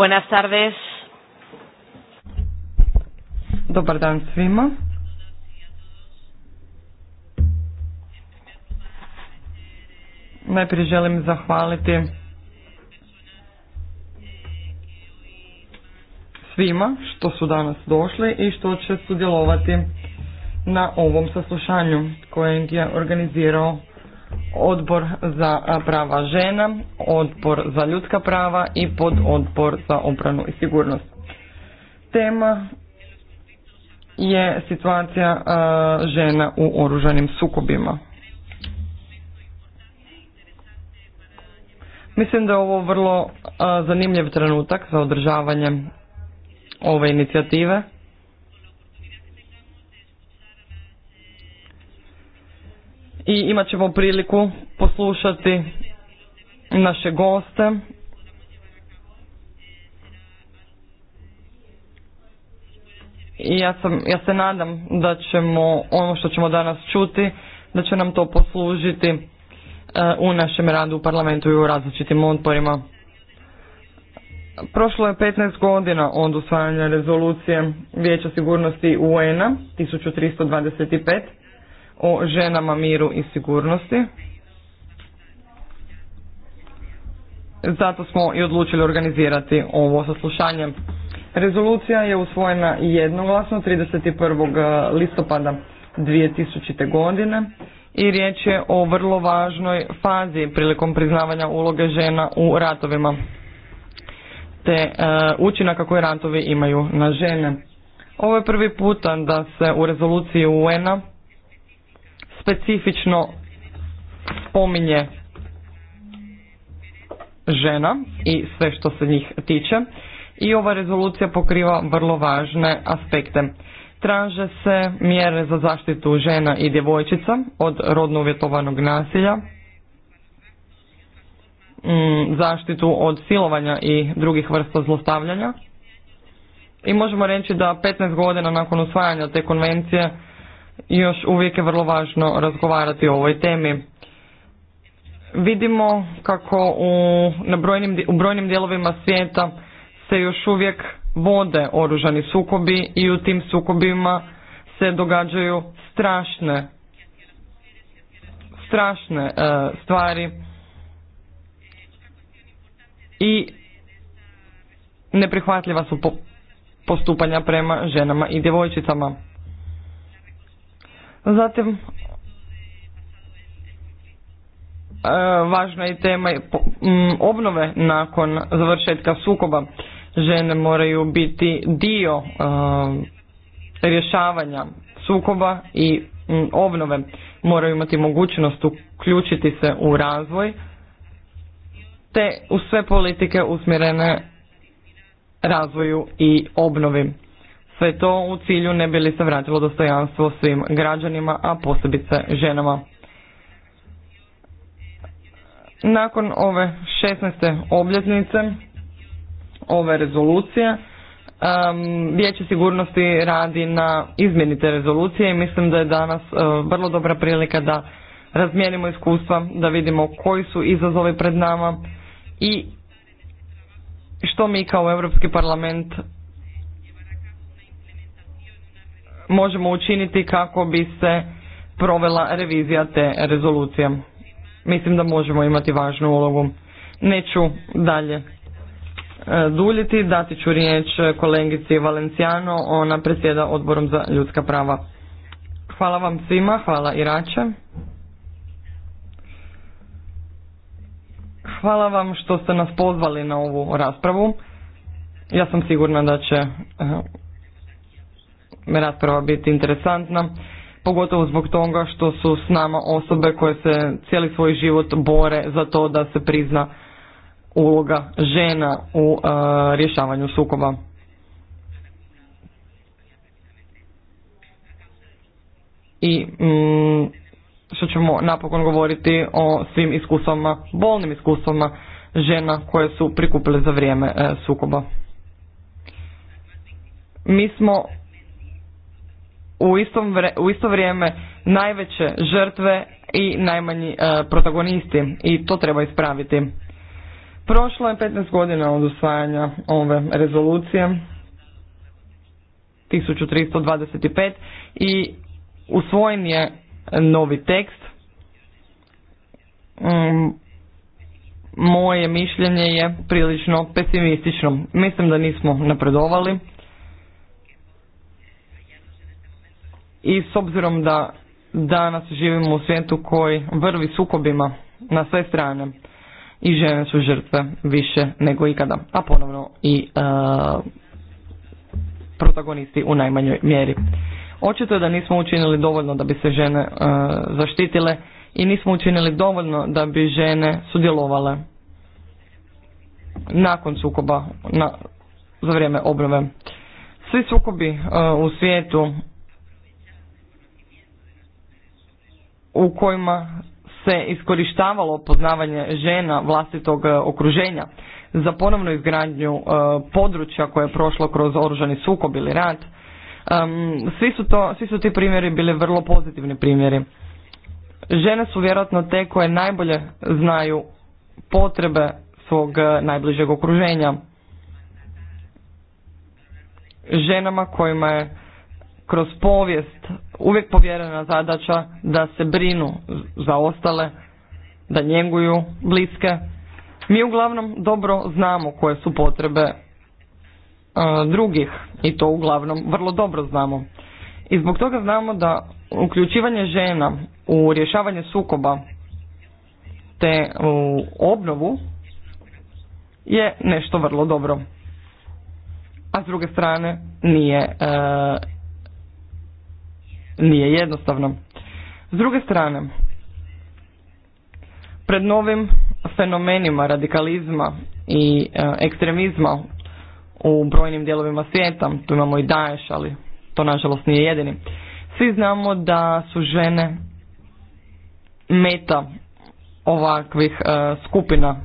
Buenas tardes. Dobar dan svima. Najprije želim zahvaliti svima što su danas došli i što će sudjelovati na ovom saslušanju kojeg je organizirao odbor za prava žena, odbor za ljudska prava i pod odbor za obranu i sigurnost. Tema je situacija e, žena u oružanim sukobima. Mislim da je ovo vrlo e, zanimljiv trenutak za održavanje ove inicijative. i imat ćemo priliku poslušati naše goste. I ja, sam, ja se nadam da ćemo ono što ćemo danas čuti, da će nam to poslužiti e, u našem radu u parlamentu i u različitim odporima. Prošlo je 15 godina od usvajanja rezolucije Vijeća sigurnosti UN-a 1325 o ženama, miru i sigurnosti. Zato smo i odlučili organizirati ovo saslušanje. Rezolucija je usvojena jednoglasno 31. Eh, listopada 2000. godine i riječ je o vrlo važnoj fazi prilikom priznavanja uloge žena u ratovima te eh, učinaka koje ratovi imaju na žene. Ovo je prvi puta da se u rezoluciji UN-a specifično spominje žena i sve što se njih tiče i ova rezolucija pokriva vrlo važne aspekte. Traže se mjere za zaštitu žena i djevojčica od rodno uvjetovanog nasilja, mm, zaštitu od silovanja i drugih vrsta zlostavljanja. I možemo reći da 15 godina nakon usvajanja te konvencije još uvijek je vrlo važno razgovarati o ovoj temi. Vidimo kako u, na brojnim, u brojnim dijelovima svijeta se još uvijek vode oružani sukobi i u tim sukobima se događaju strašne strašne e, stvari i neprihvatljiva su postupanja prema ženama i djevojčicama. Zatim, e, važna je tema obnove nakon završetka sukoba. Žene moraju biti dio e, rješavanja sukoba i obnove. Moraju imati mogućnost uključiti se u razvoj te u sve politike usmjerene razvoju i obnovi. Sve to u cilju ne bi li se vratilo dostojanstvo svim građanima, a posebice ženama. Nakon ove 16. obljetnice ove rezolucije, um, Vijeće sigurnosti radi na izmjeni te rezolucije i mislim da je danas e, vrlo dobra prilika da razmijenimo iskustva, da vidimo koji su izazovi pred nama i što mi kao Europski parlament možemo učiniti kako bi se provela revizija te rezolucije. Mislim da možemo imati važnu ulogu. Neću dalje e, duljiti, dati ću riječ kolegici Valenciano, ona predsjeda odborom za ljudska prava. Hvala vam svima, hvala Irače. Hvala vam što ste nas pozvali na ovu raspravu. Ja sam sigurna da će e, rasprava biti interesantna, pogotovo zbog toga što su s nama osobe koje se cijeli svoj život bore za to da se prizna uloga žena u e, rješavanju sukoba. I mm, što ćemo napokon govoriti o svim iskustvama, bolnim iskustvama žena koje su prikupile za vrijeme e, sukoba. Mi smo u, istom u isto vrijeme najveće žrtve i najmanji e, protagonisti i to treba ispraviti. Prošlo je 15 godina od usvajanja ove rezolucije 1325 i usvojen je novi tekst. Mm, moje mišljenje je prilično pesimistično. Mislim da nismo napredovali i s obzirom da danas živimo u svijetu koji vrvi sukobima na sve strane i žene su žrtve više nego ikada, a ponovno i e, protagonisti u najmanjoj mjeri. Očito je da nismo učinili dovoljno da bi se žene e, zaštitile i nismo učinili dovoljno da bi žene sudjelovale nakon sukoba na, za vrijeme obrove. Svi sukobi e, u svijetu u kojima se iskorištavalo poznavanje žena vlastitog e, okruženja za ponovnu izgradnju e, područja koje je prošlo kroz oružani sukob ili rat. Svi su, to, svi su ti primjeri bili vrlo pozitivni primjeri. Žene su vjerojatno te koje najbolje znaju potrebe svog e, najbližeg okruženja. Ženama kojima je kroz povijest uvijek povjerena zadaća da se brinu za ostale, da njeguju bliske. Mi uglavnom dobro znamo koje su potrebe e, drugih i to uglavnom vrlo dobro znamo. I zbog toga znamo da uključivanje žena u rješavanje sukoba te u obnovu je nešto vrlo dobro. A s druge strane nije e, nije jednostavno. S druge strane, pred novim fenomenima radikalizma i e, ekstremizma u brojnim dijelovima svijeta, tu imamo i Daesh, ali to nažalost nije jedini, svi znamo da su žene meta ovakvih e, skupina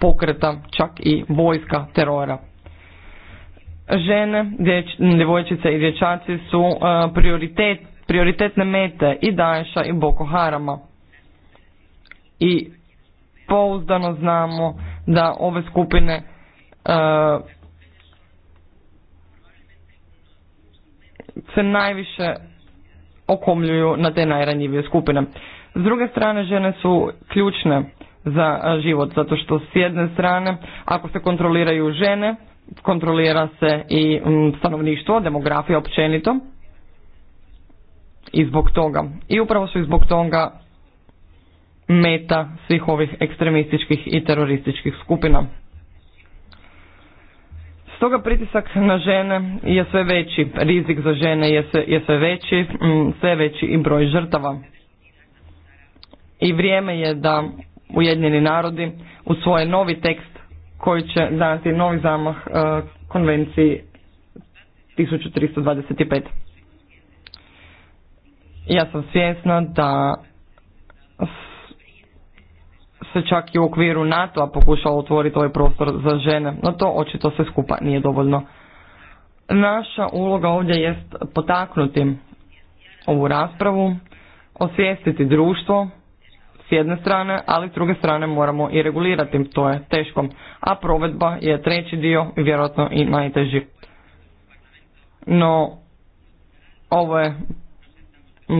pokreta, čak i vojska terora. Žene, djevojčice i dječaci su e, prioritet prioritetne mete i Daesha i Boko Harama. I pouzdano znamo da ove skupine e, se najviše okomljuju na te najranjivije skupine. S druge strane, žene su ključne za život, zato što s jedne strane, ako se kontroliraju žene, kontrolira se i mm, stanovništvo, demografija općenito, i zbog toga. I upravo su i zbog toga meta svih ovih ekstremističkih i terorističkih skupina. Stoga pritisak na žene je sve veći, rizik za žene je sve, je sve veći, mm, sve veći i broj žrtava. I vrijeme je da Ujedinjeni narodi u novi tekst koji će dati novi zamah e, konvenciji 1325. Ja sam svjesna da se čak i u okviru NATO-a pokušalo otvoriti ovaj prostor za žene, no to očito sve skupa nije dovoljno. Naša uloga ovdje jest potaknuti ovu raspravu, osvijestiti društvo s jedne strane, ali s druge strane moramo i regulirati, to je teško, a provedba je treći dio i vjerojatno i najteži. No, ovo je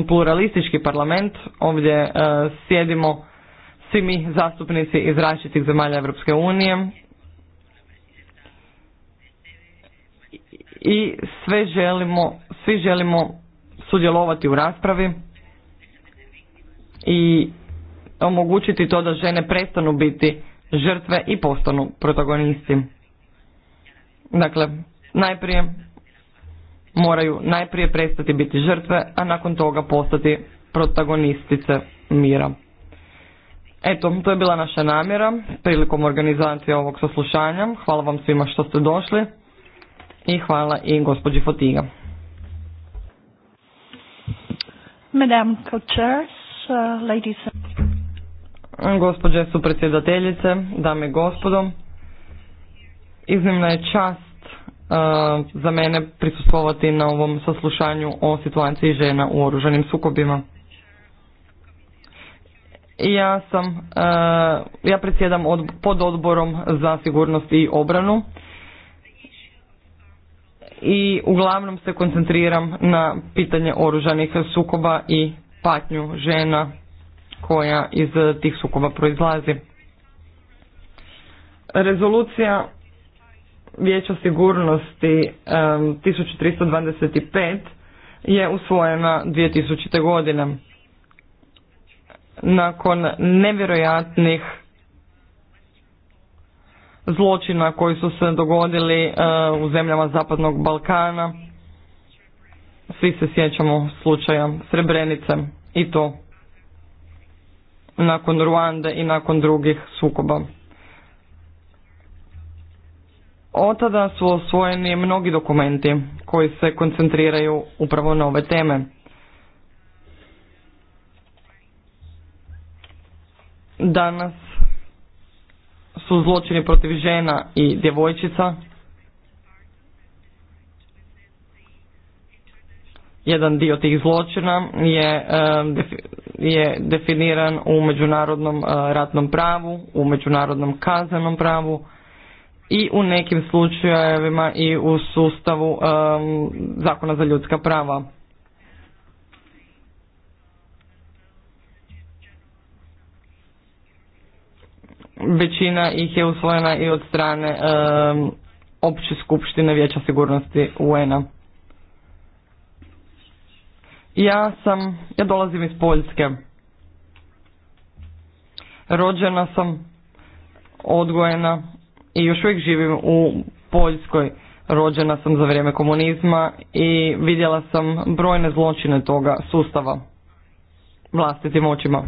pluralistički parlament. Ovdje e, sjedimo svi mi zastupnici iz različitih zemalja Europske unije i sve želimo, svi želimo sudjelovati u raspravi i omogućiti to da žene prestanu biti žrtve i postanu protagonisti. Dakle, najprije moraju najprije prestati biti žrtve, a nakon toga postati protagonistice mira. Eto, to je bila naša namjera prilikom organizacije ovog saslušanja. Hvala vam svima što ste došli i hvala i gospođi Fotiga. Madame uh, Gospođe su predsjedateljice, dame i gospodo, iznimna je čast E, za mene prisustvovati na ovom saslušanju o situaciji žena u oružanim sukobima. Ja sam, e, ja predsjedam pod odborom za sigurnost i obranu i uglavnom se koncentriram na pitanje oružanih sukoba i patnju žena koja iz tih sukoba proizlazi. Rezolucija Vijeća sigurnosti 1325 je usvojena 2000. godine. Nakon nevjerojatnih zločina koji su se dogodili eh, u zemljama Zapadnog Balkana, svi se sjećamo slučaja Srebrenice i to nakon Ruande i nakon drugih sukoba. Od tada su osvojeni mnogi dokumenti koji se koncentriraju upravo na ove teme. Danas su zločini protiv žena i djevojčica jedan dio tih zločina je, e, je definiran u međunarodnom e, ratnom pravu, u međunarodnom kaznenom pravu i u nekim slučajevima i u sustavu um, zakona za ljudska prava. Većina ih je usvojena i od strane um, opće skupštine Vijeća sigurnosti UN-a. Ja sam, ja dolazim iz Poljske. Rođena sam, odgojena i još uvijek živim u Poljskoj. Rođena sam za vrijeme komunizma i vidjela sam brojne zločine toga sustava vlastitim očima.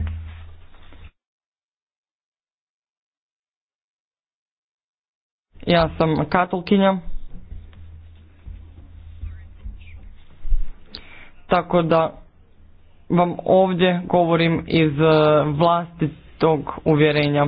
Ja sam katolkinja. Tako da vam ovdje govorim iz eh, vlastitog uvjerenja.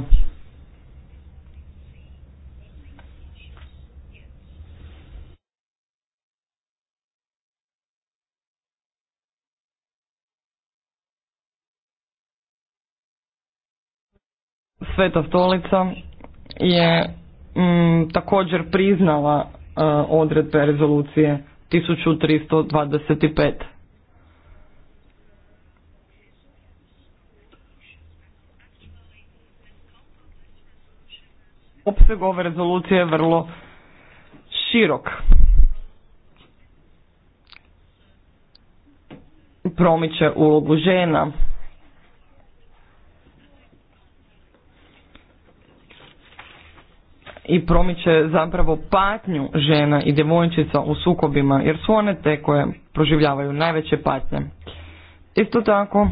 Sveta stolica je mm, također priznala uh, odredbe rezolucije 1325. Opseg ove rezolucije je vrlo širok. Promiče ulogu žena, i promiče zapravo patnju žena i djevojčica u sukobima jer su one te koje proživljavaju najveće patnje. Isto tako,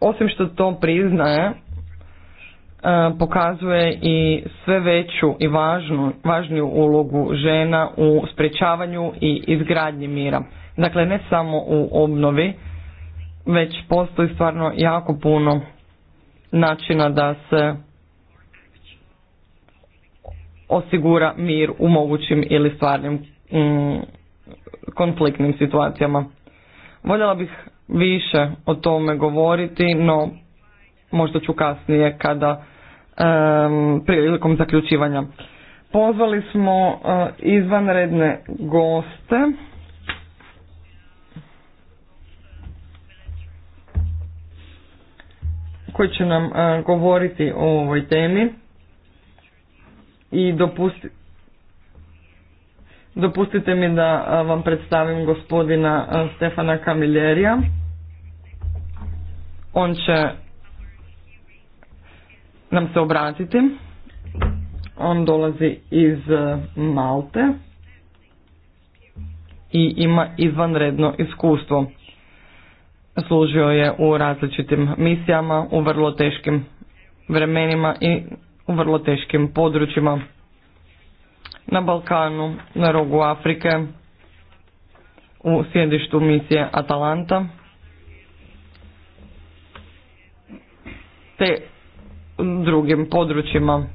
osim što to priznaje, e, pokazuje i sve veću i važnu, važniju ulogu žena u sprečavanju i izgradnji mira. Dakle, ne samo u obnovi, već postoji stvarno jako puno načina da se osigura mir u mogućim ili stvarnim mm, konfliktnim situacijama. Voljela bih više o tome govoriti, no možda ću kasnije kada prilikom zaključivanja. Pozvali smo e, izvanredne goste. koji će nam e, govoriti o ovoj temi i dopusti, dopustite mi da vam predstavim gospodina Stefana Kamiljerija. On će nam se obratiti. On dolazi iz Malte i ima izvanredno iskustvo. Služio je u različitim misijama, u vrlo teškim vremenima i u vrlo teškim područjima. Na Balkanu, na rogu Afrike, u sjedištu misije Atalanta. Te drugim područjima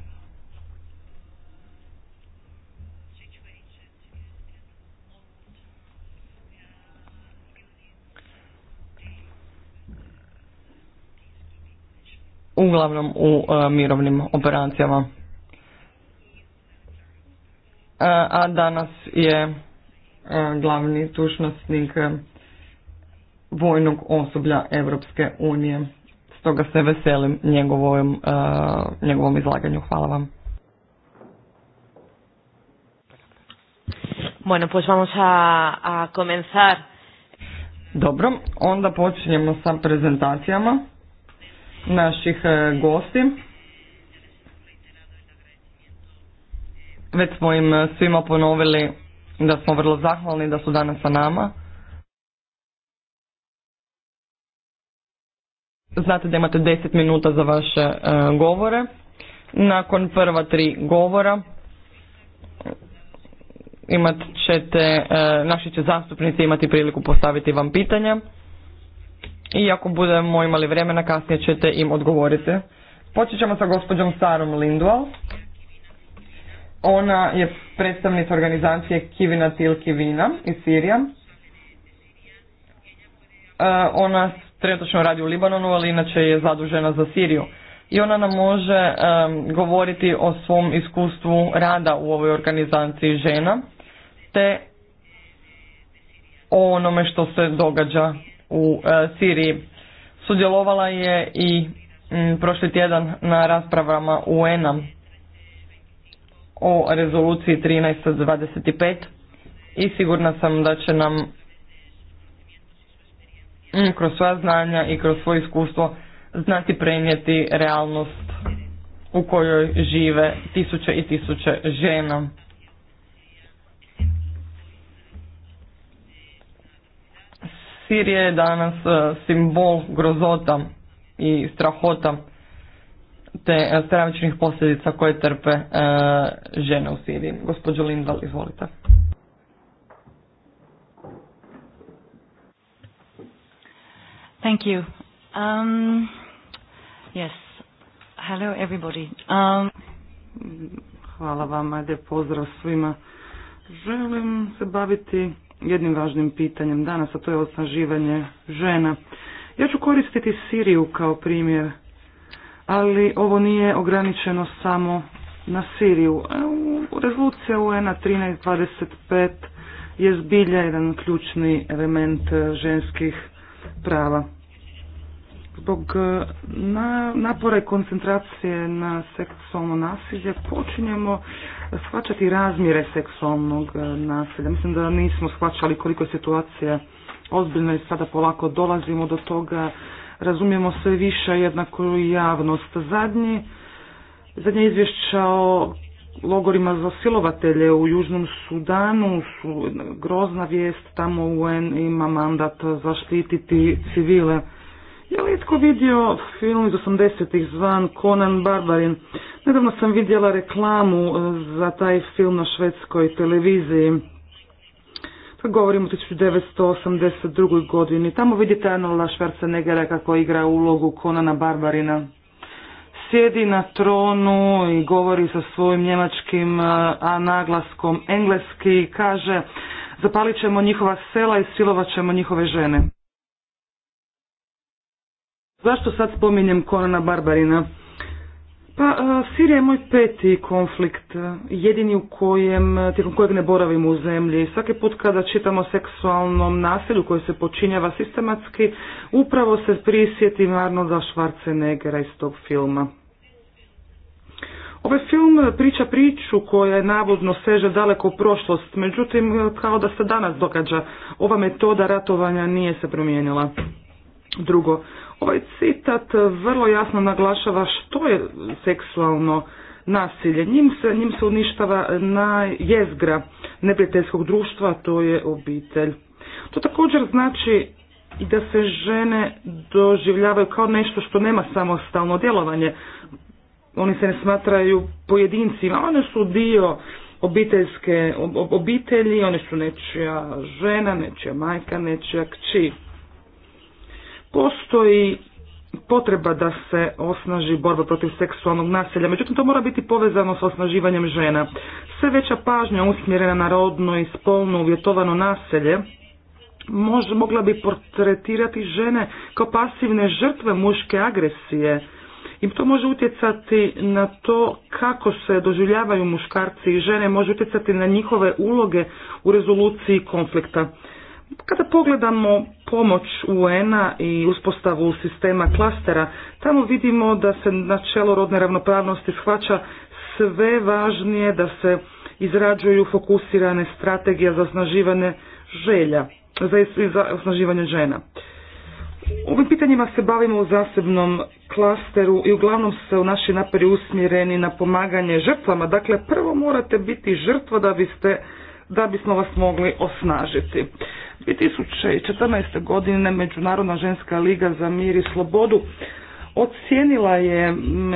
uglavnom u e, mirovnim operacijama. E, a danas je e, glavni tušnostnik vojnog osoblja Europske unije. Stoga se veselim njegovom, njegovom izlaganju. Hvala vam. Bueno, pues vamos a, a comenzar. Dobro, onda počinjemo sa prezentacijama naših e, gosti. Već smo im e, svima ponovili da smo vrlo zahvalni da su danas sa nama. Znate da imate 10 minuta za vaše e, govore. Nakon prva tri govora imat ćete, naši će zastupnici imati priliku postaviti vam pitanja i ako budemo imali vremena kasnije ćete im odgovoriti. Počet ćemo sa gospođom Sarom Lindwall. Ona je predstavnica organizacije Kivina Til Kivina iz Sirija. E, ona trenutno radi u Libanonu, ali inače je zadužena za Siriju. I ona nam može govoriti o svom iskustvu rada u ovoj organizaciji žena, te o onome što se događa u e, Siriji. Sudjelovala je i prošli tjedan na raspravama UN-a o rezoluciji 1325 i sigurna sam da će nam kroz svoja znanja i kroz svoje iskustvo znati prenijeti realnost u kojoj žive tisuće i tisuće žena. Sirije je danas e, simbol grozota i strahota te e, stravičnih posljedica koje trpe e, žene u Siriji. Gospođo Lindal, izvolite. Thank you. Um, yes. Hello everybody. Um... Hvala vam, ajde pozdrav svima. Želim se baviti jednim važnim pitanjem danas, a to je osnaživanje žena. Ja ću koristiti Siriju kao primjer, ali ovo nije ograničeno samo na Siriju. E, rezolucija UN-a 1325 je zbilja jedan ključni element e, ženskih prava zbog e, napora i koncentracije na seksualno nasilje počinjemo shvaćati razmjere seksualnog e, nasilja. Mislim da nismo shvaćali koliko je situacija ozbiljna i sada polako dolazimo do toga. Razumijemo sve više jednako i javnost. Zadnji, zadnje izvješća o logorima za silovatelje u Južnom Sudanu su grozna vijest. Tamo UN ima mandat zaštititi civile. Je li itko vidio film iz 80-ih zvan Conan Barbarin? Nedavno sam vidjela reklamu e, za taj film na švedskoj televiziji. To govorim o 1982. godini. Tamo vidite Arnolda Schwarzeneggera kako igra ulogu Konana Barbarina. Sjedi na tronu i govori sa svojim njemačkim e, a naglaskom engleski i kaže zapalit ćemo njihova sela i silovat ćemo njihove žene. Zašto sad spominjem Konana Barbarina? Pa, e, Sirija je moj peti konflikt, e, jedini u kojem, e, tijekom kojeg ne boravim u zemlji. Svaki put kada čitamo seksualnom nasilju koje se počinjava sistematski, upravo se prisjetim Arnolda Schwarzeneggera iz tog filma. Ovaj film priča priču koja je navodno seže daleko u prošlost, međutim kao da se danas događa. Ova metoda ratovanja nije se promijenila. Drugo, Ovaj citat vrlo jasno naglašava što je seksualno nasilje. Njim se, njim se uništava jezgra neprijateljskog društva, to je obitelj. To također znači i da se žene doživljavaju kao nešto što nema samostalno djelovanje. Oni se ne smatraju pojedincima, one su dio obiteljske obitelji, one su nečija žena, nečija majka, nečija kći. Postoji potreba da se osnaži borba protiv seksualnog nasilja, međutim to mora biti povezano s osnaživanjem žena. Sve veća pažnja usmjerena na rodno i spolno uvjetovano naselje mogla bi portretirati žene kao pasivne žrtve muške agresije. I to može utjecati na to kako se doživljavaju muškarci i žene, može utjecati na njihove uloge u rezoluciji konflikta. Kada pogledamo pomoć UN-a i uspostavu sistema klastera, tamo vidimo da se načelo rodne ravnopravnosti shvaća sve važnije da se izrađuju fokusirane strategije za osnaživanje želja, za, osnaživanje žena. Ovim pitanjima se bavimo u zasebnom klasteru i uglavnom se u naši napori usmjereni na pomaganje žrtvama. Dakle, prvo morate biti žrtva da biste da bismo vas mogli osnažiti. 2014. godine Međunarodna ženska liga za mir i slobodu ocijenila je mm,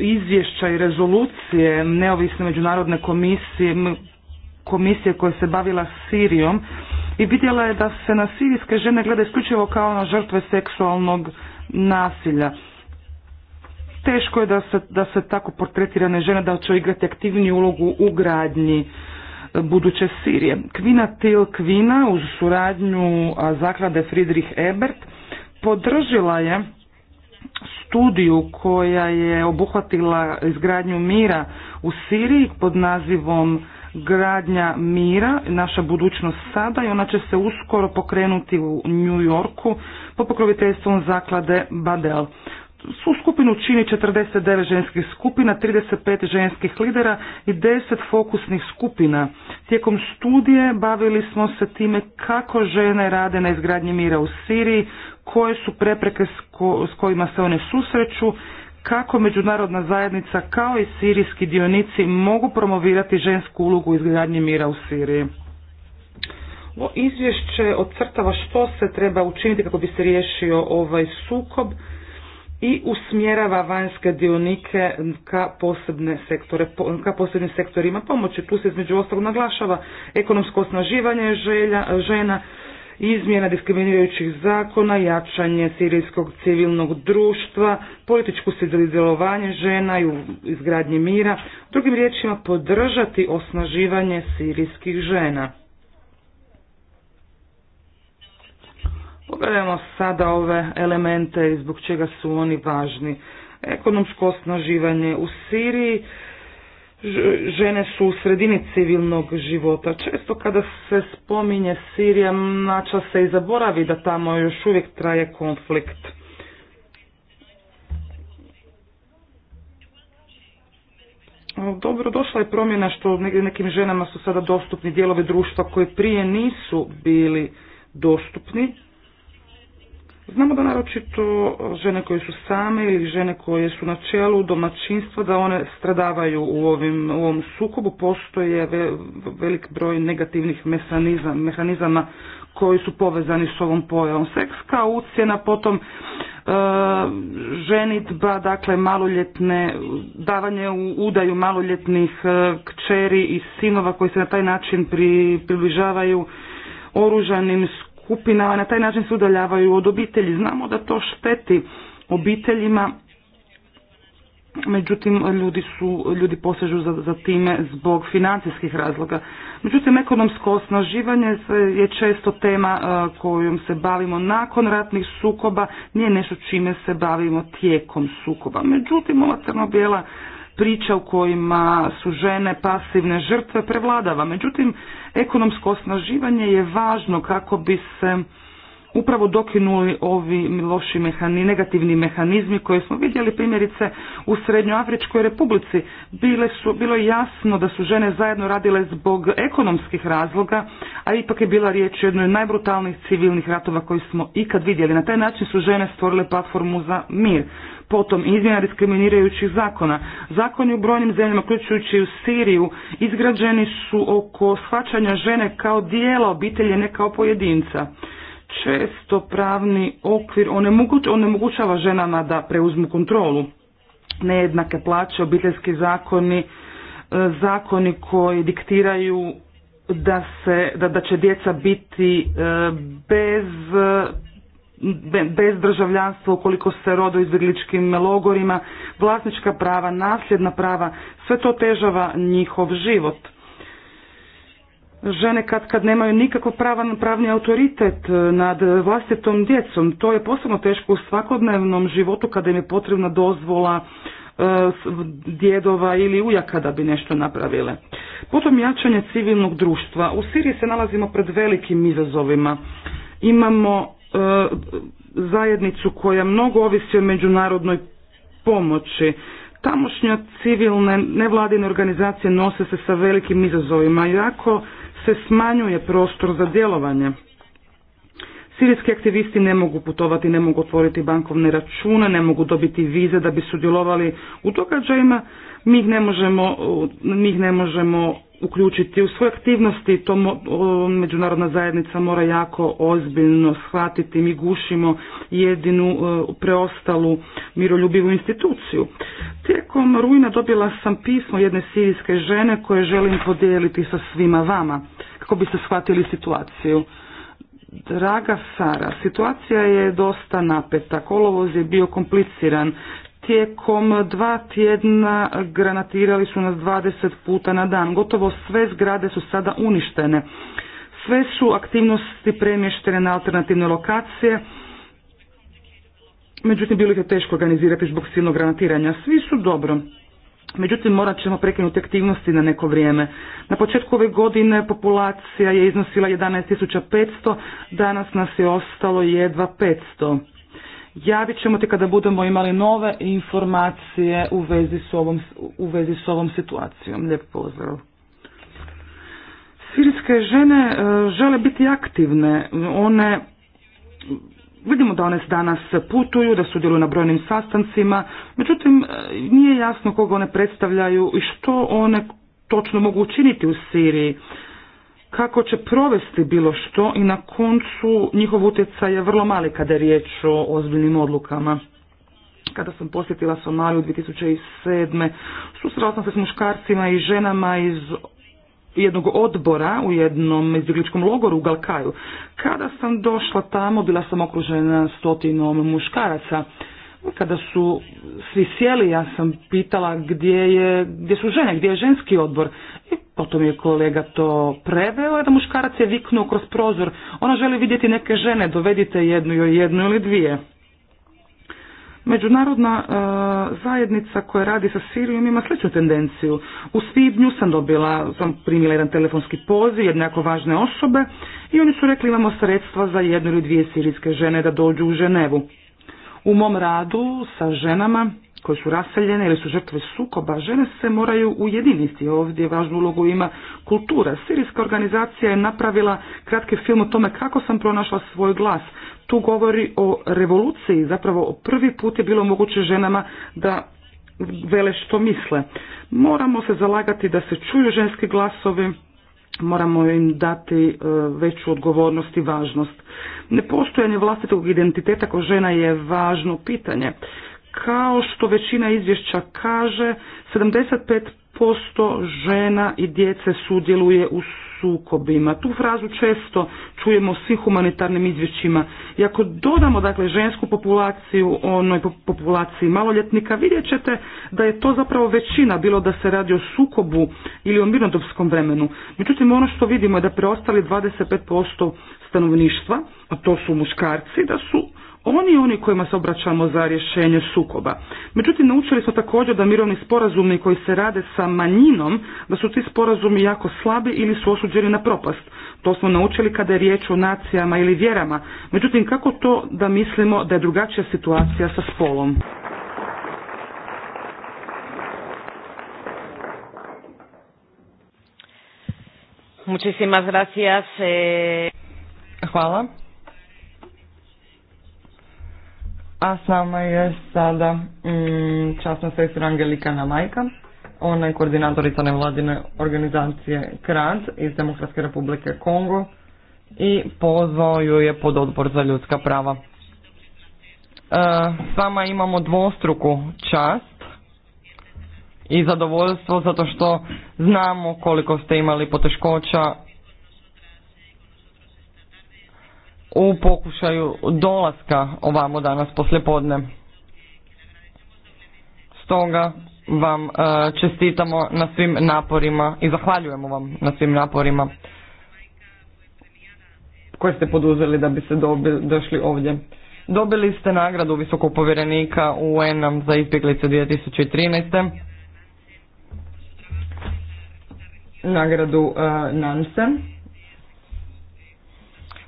izvješća i rezolucije neovisne međunarodne komisije, komisije koja se bavila Sirijom i vidjela je da se na sirijske žene gleda isključivo kao na žrtve seksualnog nasilja. Teško je da se, da se tako portretirane žene da će igrati aktivniju ulogu u gradnji buduće Sirije. Kvina Til Kvina uz suradnju zaklade Friedrich Ebert podržila je studiju koja je obuhvatila izgradnju mira u Siriji pod nazivom Gradnja mira, naša budućnost sada i ona će se uskoro pokrenuti u New Yorku po pokroviteljstvom zaklade Badel su skupinu čini 49 ženskih skupina, 35 ženskih lidera i 10 fokusnih skupina. Tijekom studije bavili smo se time kako žene rade na izgradnji mira u Siriji, koje su prepreke s kojima se one susreću, kako međunarodna zajednica kao i sirijski dionici mogu promovirati žensku ulogu u izgradnji mira u Siriji. Ovo izvješće ocrtava što se treba učiniti kako bi se riješio ovaj sukob, i usmjerava vanjske dionike ka, posebne ka posebnim sektorima pomoći. Tu se između ostalog naglašava ekonomsko osnaživanje želja, žena, izmjena diskriminirajućih zakona, jačanje sirijskog civilnog društva, političko sudjelovanje žena i izgradnje mira, drugim riječima podržati osnaživanje sirijskih žena. Pogledajmo sada ove elemente i zbog čega su oni važni. Ekonomsko osnaživanje u Siriji, žene su u sredini civilnog života. Često kada se spominje Sirija, nača se i zaboravi da tamo još uvijek traje konflikt. Dobro, došla je promjena što nekim ženama su sada dostupni dijelovi društva koji prije nisu bili dostupni. Znamo da naročito žene koje su same ili žene koje su na čelu domaćinstva da one stradavaju u, ovim, u ovom sukobu. Postoje velik broj negativnih mehanizama, koji su povezani s ovom pojavom. Sekska ucjena, potom e, ženitba, dakle maloljetne, davanje u udaju maloljetnih e, kćeri i sinova koji se na taj način približavaju oružanim skupinama, na taj način se udaljavaju od obitelji. Znamo da to šteti obiteljima, međutim ljudi, su, ljudi posežu za, za time zbog financijskih razloga. Međutim, ekonomsko osnaživanje je često tema kojom se bavimo nakon ratnih sukoba, nije nešto čime se bavimo tijekom sukoba. Međutim, ova crno-bijela priča u kojima su žene pasivne žrtve prevladava. Međutim, ekonomsko osnaživanje je važno kako bi se upravo dokinuli ovi loši mehani, negativni mehanizmi koje smo vidjeli primjerice u Srednjoafričkoj republici. Bile su, bilo je jasno da su žene zajedno radile zbog ekonomskih razloga, a ipak je bila riječ o jednoj najbrutalnijih civilnih ratova koji smo ikad vidjeli. Na taj način su žene stvorile platformu za mir potom izmjena diskriminirajućih zakona. Zakoni u brojnim zemljama, uključujući u Siriju, izgrađeni su oko shvaćanja žene kao dijela obitelje, ne kao pojedinca. Često pravni okvir onemogućava ženama da preuzmu kontrolu. Nejednake plaće, obiteljski zakoni, e, zakoni koji diktiraju da, se, da, da će djeca biti e, bez bez državljanstva ukoliko se rodo izbjegličkim logorima, vlasnička prava, nasljedna prava, sve to težava njihov život. Žene kad kad nemaju nikako pravan pravni autoritet e, nad vlastitom djecom, to je posebno teško u svakodnevnom životu kada im je potrebna dozvola e, djedova ili ujaka da bi nešto napravile. Potom jačanje civilnog društva. U Siriji se nalazimo pred velikim izazovima. Imamo E, zajednicu koja mnogo ovisi o međunarodnoj pomoći. Tamošnja civilne nevladine organizacije nose se sa velikim izazovima iako se smanjuje prostor za djelovanje Sirijski aktivisti ne mogu putovati, ne mogu otvoriti bankovne račune, ne mogu dobiti vize da bi sudjelovali u događajima. Mi ih ne možemo, mi ih ne možemo uključiti u svoje aktivnosti, to međunarodna zajednica mora jako ozbiljno shvatiti, mi gušimo jedinu e, preostalu miroljubivu instituciju. Tijekom rujna dobila sam pismo jedne sirijske žene koje želim podijeliti sa svima vama, kako biste shvatili situaciju. Draga Sara, situacija je dosta napeta. Kolovoz je bio kompliciran. Tijekom dva tjedna granatirali su nas 20 puta na dan. Gotovo sve zgrade su sada uništene. Sve su aktivnosti premještene na alternativne lokacije. Međutim, bilo ih je teško organizirati zbog silnog granatiranja. Svi su dobro Međutim, morat ćemo prekinuti aktivnosti na neko vrijeme. Na početku ove godine populacija je iznosila 11.500, danas nas je ostalo jedva 500. Javit ćemo te kada budemo imali nove informacije u vezi s ovom, u vezi s ovom situacijom. Lijep pozdrav. Sirijske žene e, žele biti aktivne. One Vidimo da one danas putuju, da sudjeluju na brojnim sastancima, međutim e, nije jasno koga one predstavljaju i što one točno mogu učiniti u Siriji, kako će provesti bilo što i na koncu njihov utjecaj je vrlo mali kada je riječ o ozbiljnim odlukama. Kada sam posjetila Somaliju 2007. susrela sam se s muškarcima i ženama iz jednog odbora u jednom izbjegličkom logoru u Galkaju. Kada sam došla tamo, bila sam okružena stotinom muškaraca. Kada su svi sjeli, ja sam pitala gdje, je, gdje su žene, gdje je ženski odbor. I potom je kolega to preveo, jedan muškarac je viknuo kroz prozor. Ona želi vidjeti neke žene, dovedite jednu, jednu ili dvije. Međunarodna e, zajednica koja radi sa Sirijom ima sličnu tendenciju. U svibnju sam dobila, sam primila jedan telefonski poziv jedne jako važne osobe i oni su rekli imamo sredstva za jednu ili dvije sirijske žene da dođu u Ženevu. U mom radu sa ženama koje su raseljene ili su žrtve sukoba, žene se moraju ujediniti. Ovdje važnu ulogu ima kultura. Sirijska organizacija je napravila kratki film o tome kako sam pronašla svoj glas. Tu govori o revoluciji, zapravo prvi put je bilo moguće ženama da vele što misle. Moramo se zalagati da se čuju ženski glasovi, moramo im dati e, veću odgovornost i važnost. nepoštojanje vlastitog identiteta kao žena je važno pitanje kao što većina izvješća kaže, 75% žena i djece sudjeluje u sukobima. Tu frazu često čujemo u svih humanitarnim izvješćima. I ako dodamo dakle, žensku populaciju onoj populaciji maloljetnika, vidjet ćete da je to zapravo većina, bilo da se radi o sukobu ili o mirnodopskom vremenu. Međutim, ono što vidimo je da preostali 25% stanovništva, a to su muškarci, da su oni oni kojima se obraćamo za rješenje sukoba. Međutim, naučili smo također da mirovni sporazumi koji se rade sa manjinom, da su ti sporazumi jako slabi ili su osuđeni na propast. To smo naučili kada je riječ o nacijama ili vjerama. Međutim, kako to da mislimo da je drugačija situacija sa spolom? Eh. Hvala. A s nama je sada mm, časna sestra Angelika Majka. Ona je koordinatorica nevladine organizacije KRAD iz Demokratske republike Kongo i pozvao ju je pod odbor za ljudska prava. E, s vama imamo dvostruku čast i zadovoljstvo zato što znamo koliko ste imali poteškoća u pokušaju dolaska ovamo danas poslijepodne. Stoga vam e, čestitamo na svim naporima i zahvaljujemo vam na svim naporima koje ste poduzeli da bi se došli ovdje. Dobili ste nagradu visokog povjerenika UN za izbjeglice 2013. Nagradu e, Nansen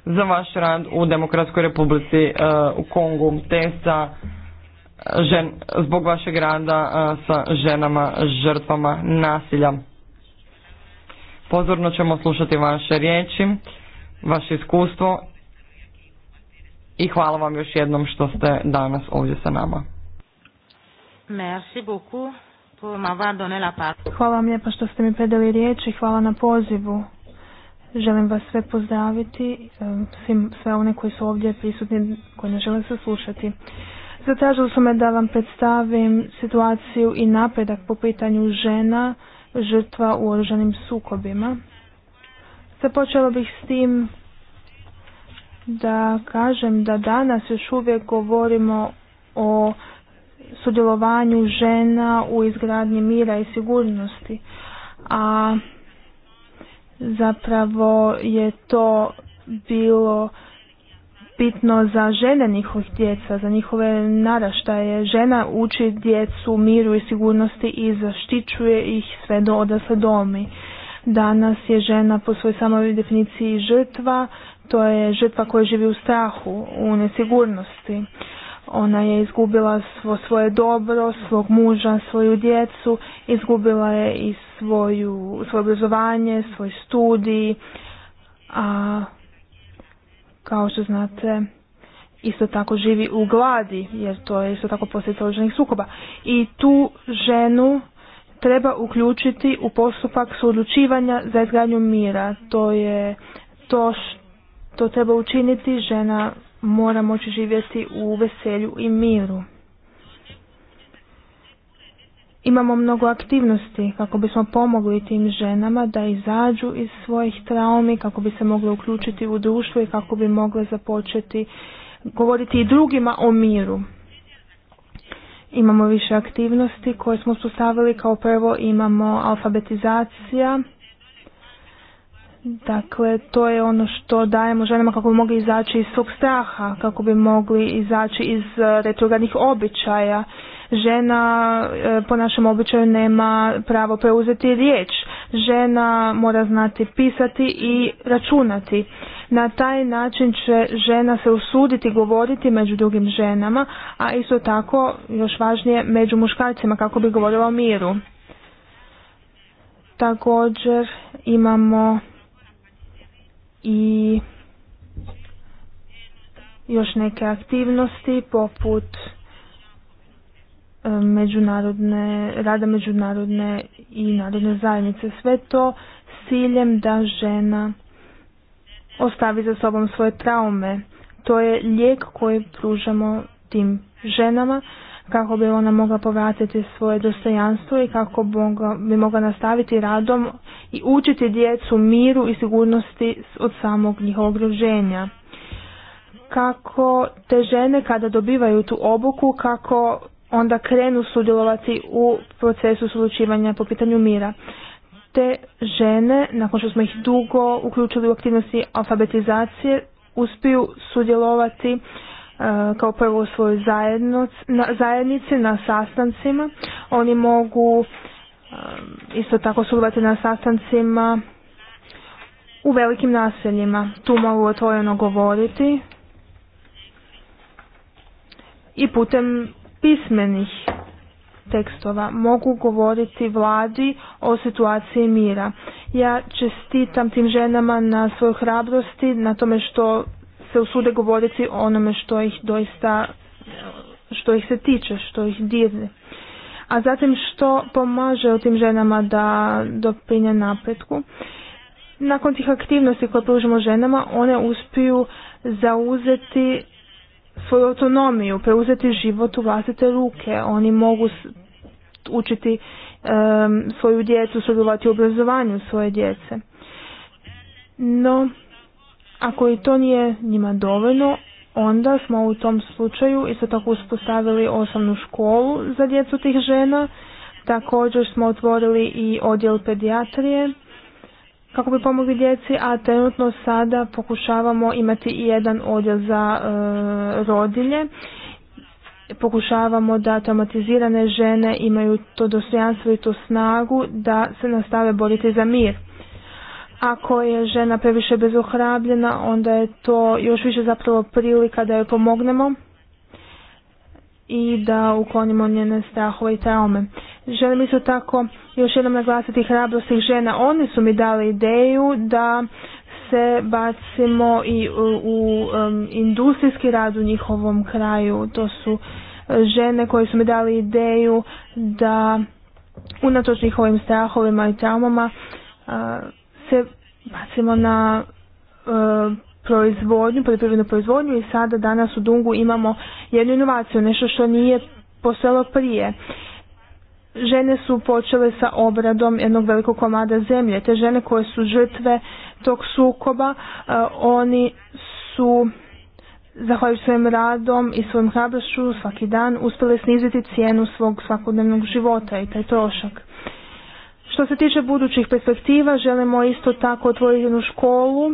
za vaš rad u Demokratskoj republici e, u Kongu te e, žen, zbog vašeg rada e, sa ženama žrtvama nasilja. Pozorno ćemo slušati vaše riječi, vaše iskustvo i hvala vam još jednom što ste danas ovdje sa nama. Merci beaucoup. Hvala vam lijepa što ste mi predali riječ i hvala na pozivu Želim vas sve pozdraviti, sve one koji su ovdje prisutni, koji ne žele slušati. Zatražili su me da vam predstavim situaciju i napredak po pitanju žena žrtva u oružanim sukobima. Započela bih s tim da kažem da danas još uvijek govorimo o sudjelovanju žena u izgradnji mira i sigurnosti. A zapravo je to bilo bitno za žene njihovih djeca, za njihove naraštaje. Žena uči djecu miru i sigurnosti i zaštićuje ih sve do odasle domi. Danas je žena po svojoj samoj definiciji žrtva, to je žrtva koja živi u strahu, u nesigurnosti. Ona je izgubila svo svoje dobro, svog muža, svoju djecu, izgubila je i svoju, svoje obrazovanje, svoj studij, a kao što znate isto tako živi u gladi, jer to je isto tako posljedica oružanih sukoba. I tu ženu treba uključiti u postupak suodlučivanja za izgradnju mira. To je to što treba učiniti. Žena Moramo živjeti u veselju i miru. Imamo mnogo aktivnosti kako bismo pomogli tim ženama da izađu iz svojih traumi, kako bi se mogle uključiti u društvo i kako bi mogle započeti govoriti i drugima o miru. Imamo više aktivnosti koje smo sustavili, kao prvo imamo alfabetizacija Dakle, to je ono što dajemo ženama kako bi mogli izaći iz svog straha, kako bi mogli izaći iz e, retrogradnih običaja. Žena e, po našem običaju nema pravo preuzeti riječ. Žena mora znati pisati i računati. Na taj način će žena se usuditi govoriti među drugim ženama, a isto tako, još važnije, među muškarcima kako bi govorila o miru. Također imamo i još neke aktivnosti poput e, međunarodne, rada međunarodne i narodne zajednice. Sve to s ciljem da žena ostavi za sobom svoje traume. To je lijek koji pružamo tim ženama kako bi ona mogla povratiti svoje dostojanstvo i kako bi mogla nastaviti radom i učiti djecu miru i sigurnosti od samog njihovog rođenja. Kako te žene kada dobivaju tu obuku, kako onda krenu sudjelovati u procesu slučivanja po pitanju mira. Te žene, nakon što smo ih dugo uključili u aktivnosti alfabetizacije, uspiju sudjelovati E, kao prvo u svojoj zajednici na sastancima. Oni mogu e, isto tako sudjelovati na sastancima u velikim naseljima. Tu mogu otvoreno govoriti i putem pismenih tekstova mogu govoriti vladi o situaciji mira. Ja čestitam tim ženama na svojoj hrabrosti, na tome što se usude govoriti onome što ih doista, što ih se tiče, što ih dirne. A zatim što pomaže u tim ženama da doprinje napretku. Nakon tih aktivnosti koje pružimo ženama, one uspiju zauzeti svoju autonomiju, preuzeti život u vlastite ruke. Oni mogu učiti svoju djecu, sudjelovati u obrazovanju svoje djece. No, ako i to nije njima dovoljno, onda smo u tom slučaju isto tako uspostavili osnovnu školu za djecu tih žena. Također smo otvorili i odjel pedijatrije kako bi pomogli djeci, a trenutno sada pokušavamo imati i jedan odjel za e, rodilje. Pokušavamo da traumatizirane žene imaju to dostojanstvo i tu snagu da se nastave boriti za mir. Ako je žena previše bezohrabljena, onda je to još više zapravo prilika da joj pomognemo i da uklonimo njene strahove i traume. Želim isto tako još jednom naglasiti hrabrost žena. Oni su mi dali ideju da se bacimo i u, industrijski rad u njihovom kraju. To su e, žene koje su mi dali ideju da unatoč njihovim strahovima i traumama se bacimo na e, proizvodnju, poljoprivrednu proizvodnju i sada danas u Dungu imamo jednu inovaciju, nešto što nije postojalo prije. Žene su počele sa obradom jednog velikog komada zemlje. Te žene koje su žrtve tog sukoba, e, oni su zahvaljujući svojim radom i svojim hrabrošću svaki dan uspjele sniziti cijenu svog svakodnevnog života i taj trošak. Što se tiče budućih perspektiva, želimo isto tako otvoriti jednu školu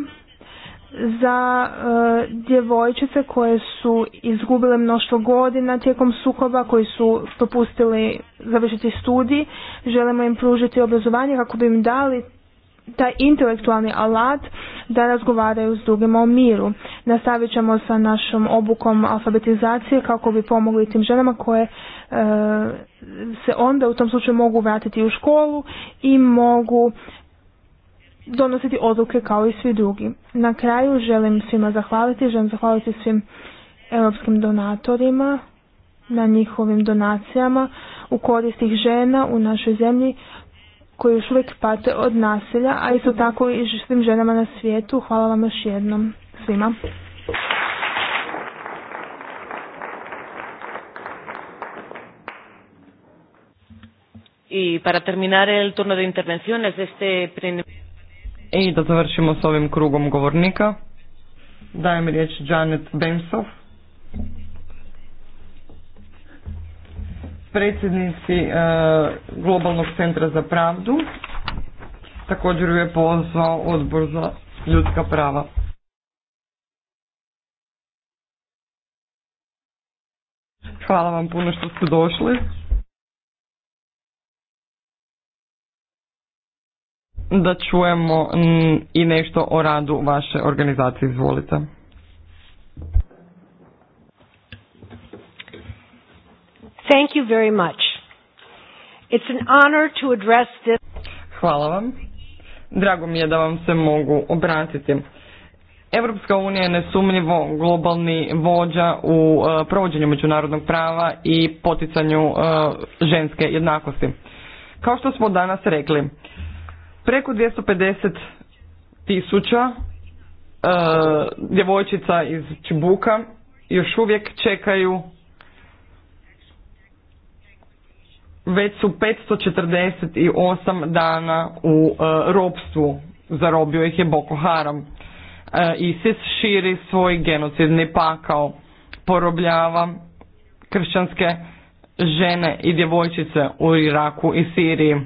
za e, djevojčice koje su izgubile mnoštvo godina tijekom sukoba, koji su propustili završiti studij. Želimo im pružiti obrazovanje kako bi im dali taj intelektualni alat da razgovaraju s drugima o miru. Nastavit ćemo sa našom obukom alfabetizacije kako bi pomogli tim ženama koje eh, se onda u tom slučaju mogu vratiti u školu i mogu donositi odluke kao i svi drugi. Na kraju želim svima zahvaliti, želim zahvaliti svim europskim donatorima na njihovim donacijama u korist tih žena u našoj zemlji koji još uvijek pate od nasilja, a isto tako i svim ženama na svijetu. Hvala vam još jednom svima. I para terminar turno de este I da završimo s ovim krugom govornika. Dajem riječ Janet Bensov. predsjednici e, Globalnog centra za pravdu. Također je pozvao odbor za ljudska prava. Hvala vam puno što ste došli. Da čujemo i nešto o radu vaše organizacije, izvolite. Thank you very much. It's an honor to address this. Hvala vam. Drago mi je da vam se mogu obratiti. Europska unija je nesumnjivo globalni vođa u e, provođenju međunarodnog prava i poticanju e, ženske jednakosti. Kao što smo danas rekli, preko 250 tisuća e, djevojčica iz Čibuka još uvijek čekaju već su 548 dana u e, ropstvu, zarobio ih je Boko Haram. E, ISIS širi svoj genocidni pakao, porobljava kršćanske žene i djevojčice u Iraku i Siriji.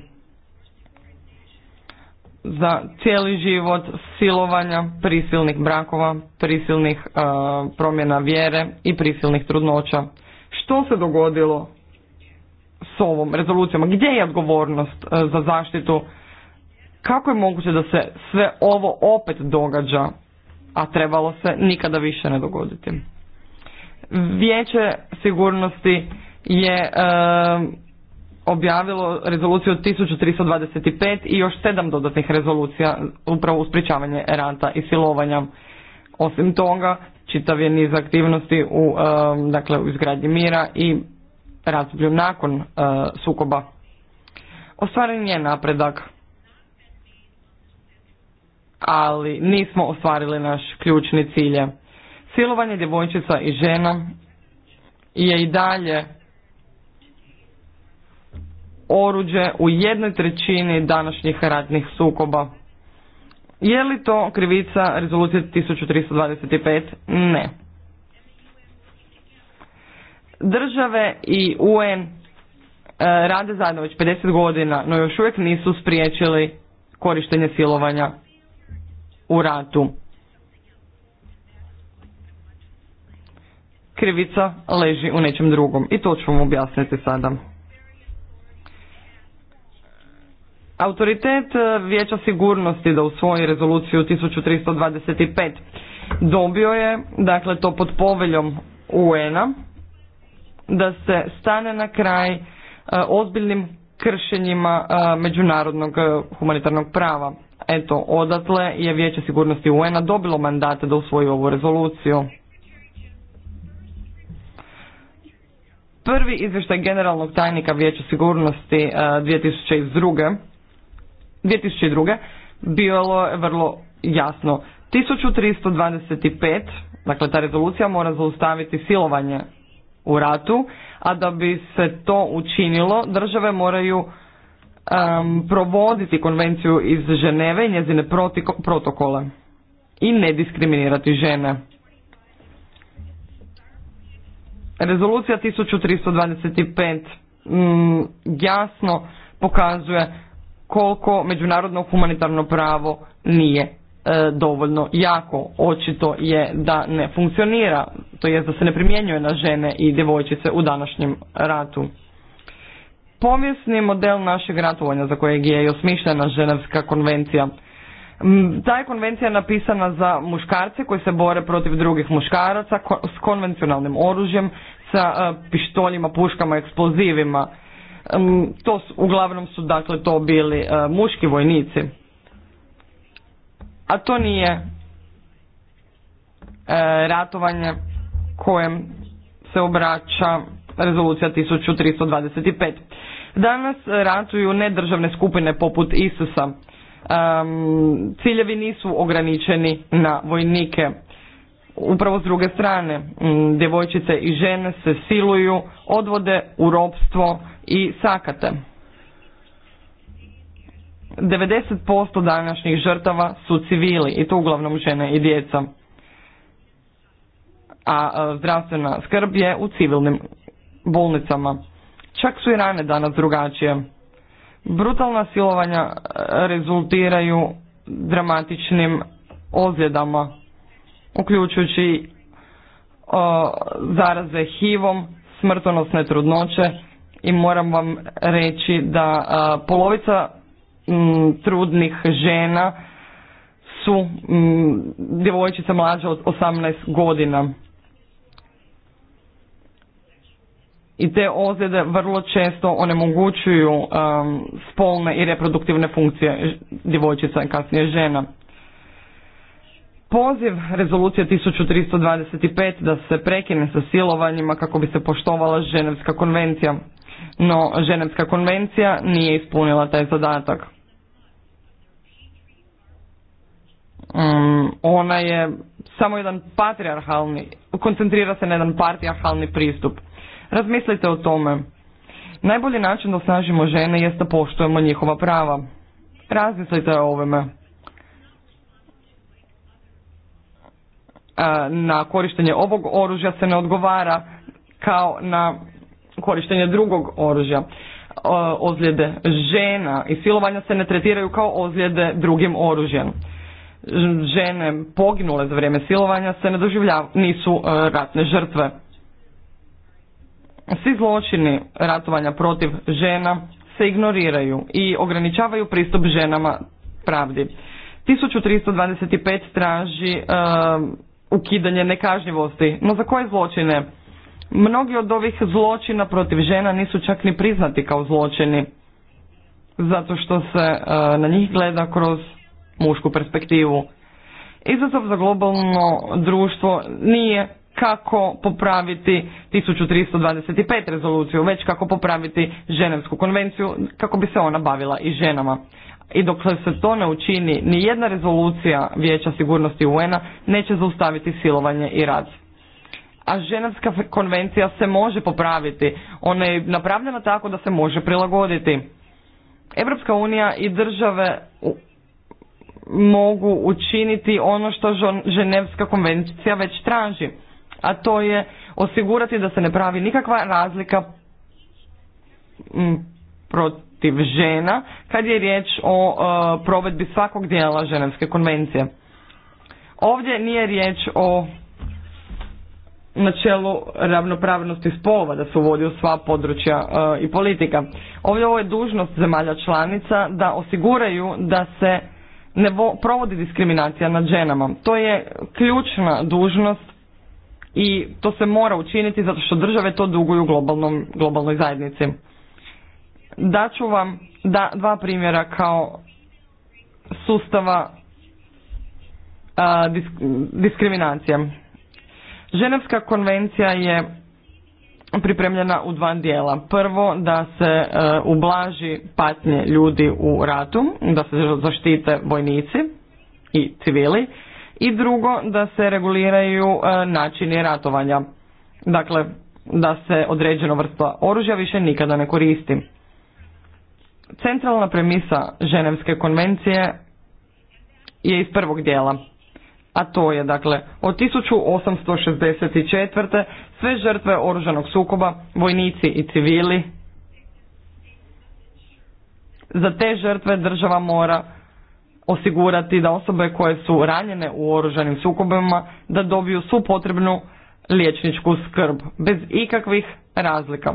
Za cijeli život silovanja, prisilnih brakova, prisilnih e, promjena vjere i prisilnih trudnoća. Što se dogodilo s ovom rezolucijom? Gdje je odgovornost e, za zaštitu? Kako je moguće da se sve ovo opet događa, a trebalo se nikada više ne dogoditi? Vijeće sigurnosti je e, objavilo rezoluciju 1325 i još sedam dodatnih rezolucija upravo uspričavanje rata i silovanja. Osim toga, čitav je niz aktivnosti u, e, dakle, u izgradnji mira i razdoblju nakon e, sukoba. Ostvaren je napredak, ali nismo ostvarili naš ključni cilje. Silovanje djevojčica i žena je i dalje oruđe u jednoj trećini današnjih ratnih sukoba. Je li to krivica rezolucije 1325? Ne. Države i UN e, rade zajedno već 50 godina, no još uvijek nisu spriječili korištenje silovanja u ratu. Krivica leži u nečem drugom i to ću vam objasniti sada. Autoritet e, Vijeća sigurnosti da u usvoji rezoluciju 1325 dobio je, dakle to pod poveljom UN-a, da se stane na kraj e, ozbiljnim kršenjima e, međunarodnog e, humanitarnog prava. Eto, odatle je Vijeće sigurnosti UN-a dobilo mandate da usvoji ovu rezoluciju. Prvi izvještaj generalnog tajnika Vijeća sigurnosti 2002. 2002. bilo je vrlo jasno. 1325, dakle ta rezolucija mora zaustaviti silovanje u ratu, a da bi se to učinilo države moraju um, provoditi konvenciju iz Ženeve i njezine protokole i ne diskriminirati žene. Rezolucija 1325 um, mm, jasno pokazuje koliko međunarodno humanitarno pravo nije E, dovoljno jako. Očito je da ne funkcionira, to jest da se ne primjenjuje na žene i djevojčice u današnjem ratu. Povijesni model našeg ratovanja za kojeg je i osmišljena Ženevska konvencija. Ta je konvencija napisana za muškarce koji se bore protiv drugih muškaraca s konvencionalnim oružjem, sa e, pištoljima, puškama, eksplozivima. To uglavnom su dakle to bili e, muški vojnici a to nije e, ratovanje kojem se obraća rezolucija 1325. Danas ratuju nedržavne skupine poput Isusa. ciljevi nisu ograničeni na vojnike. Upravo s druge strane, djevojčice i žene se siluju, odvode u ropstvo i sakate. 90% današnjih žrtava su civili i to uglavnom žene i djeca. A e, zdravstvena skrb je u civilnim bolnicama. Čak su i rane danas drugačije. Brutalna silovanja e, rezultiraju dramatičnim ozljedama, uključujući e, zaraze hiv smrtonosne trudnoće i moram vam reći da polovica trudnih žena su m, djevojčica mlađa od 18 godina. I te ozljede vrlo često onemogućuju um, spolne i reproduktivne funkcije djevojčica i kasnije žena. Poziv rezolucije 1325 da se prekine sa silovanjima kako bi se poštovala Ženevska konvencija. No, Ženevska konvencija nije ispunila taj zadatak. Um, ona je samo jedan patriarhalni, koncentrira se na jedan patriarhalni pristup. Razmislite o tome. Najbolji način da osnažimo žene jest da poštujemo njihova prava. Razmislite o ovome. E, na korištenje ovog oružja se ne odgovara kao na korištenje drugog oružja. E, ozljede žena i silovanja se ne tretiraju kao ozljede drugim oružjem žene poginule za vrijeme silovanja se ne doživljavaju nisu e, ratne žrtve. Svi zločini ratovanja protiv žena se ignoriraju i ograničavaju pristup ženama pravdi. 1325 traži e, ukidanje nekažnjivosti, no za koje zločine? Mnogi od ovih zločina protiv žena nisu čak ni priznati kao zločini, zato što se e, na njih gleda kroz mušku perspektivu. Izazov za globalno društvo nije kako popraviti 1325 rezoluciju, već kako popraviti Ženevsku konvenciju, kako bi se ona bavila i ženama. I dok se to ne učini, ni jedna rezolucija Vijeća sigurnosti UN-a neće zaustaviti silovanje i rad. A Ženevska konvencija se može popraviti. Ona je napravljena tako da se može prilagoditi. Europska unija i države mogu učiniti ono što Ženevska konvencija već traži, a to je osigurati da se ne pravi nikakva razlika protiv žena kad je riječ o e, provedbi svakog dijela Ženevske konvencije. Ovdje nije riječ o načelu ravnopravnosti spolova da se uvodi u sva područja e, i politika. Ovdje ovo je dužnost zemalja članica da osiguraju da se ne provodi diskriminacija nad ženama. To je ključna dužnost i to se mora učiniti zato što države to duguju globalnom, globalnoj zajednici. Daću vam da, dva primjera kao sustava a, disk, diskriminacije. Ženevska konvencija je pripremljena u dva dijela. Prvo da se e, ublaži patnje ljudi u ratu, da se zaštite vojnici i civili i drugo da se reguliraju e, načini ratovanja. Dakle, da se određena vrsta oružja više nikada ne koristi. Centralna premisa Ženevske konvencije je iz prvog dijela a to je dakle od 1864 sve žrtve oružanog sukoba, vojnici i civili. Za te žrtve država mora osigurati da osobe koje su ranjene u oružanim sukobima da dobiju svu potrebnu liječničku skrb bez ikakvih razlika.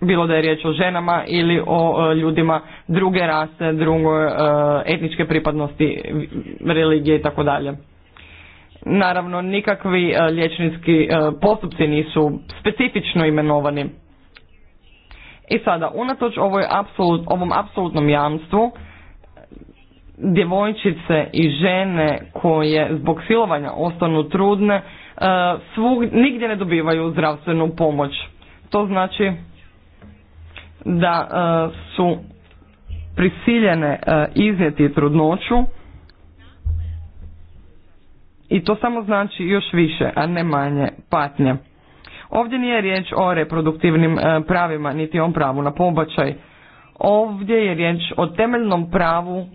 Bilo da je riječ o ženama ili o e, ljudima druge rase, druge, e, etničke pripadnosti, religije i tako dalje. Naravno, nikakvi e, liječnički e, postupci nisu specifično imenovani. I sada, unatoč ovoj apsolut, ovom apsolutnom jamstvu, djevojčice i žene koje zbog silovanja ostanu trudne, e, svug, nigdje ne dobivaju zdravstvenu pomoć. To znači da su prisiljene iznijeti trudnoću i to samo znači još više, a ne manje patnje. Ovdje nije riječ o reproduktivnim e, pravima, niti o pravu na pobačaj. Ovdje je riječ o temeljnom pravu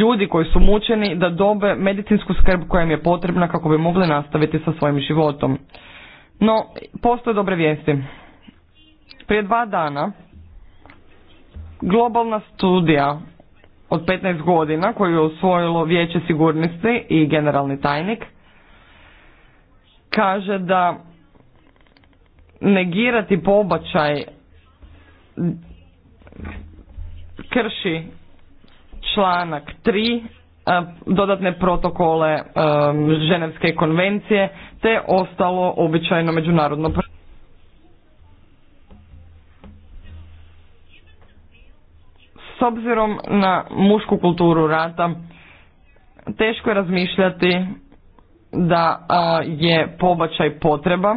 ljudi koji su mučeni da dobe medicinsku skrb koja im je potrebna kako bi mogli nastaviti sa svojim životom. No, postoje dobre vijesti. Prije dva dana globalna studija od 15 godina koju je usvojilo Vijeće sigurnosti i generalni tajnik kaže da negirati pobačaj krši članak 3 e, dodatne protokole e, Ženevske konvencije te ostalo običajno međunarodno pravo. S obzirom na mušku kulturu rata, teško je razmišljati da a, je pobačaj potreba.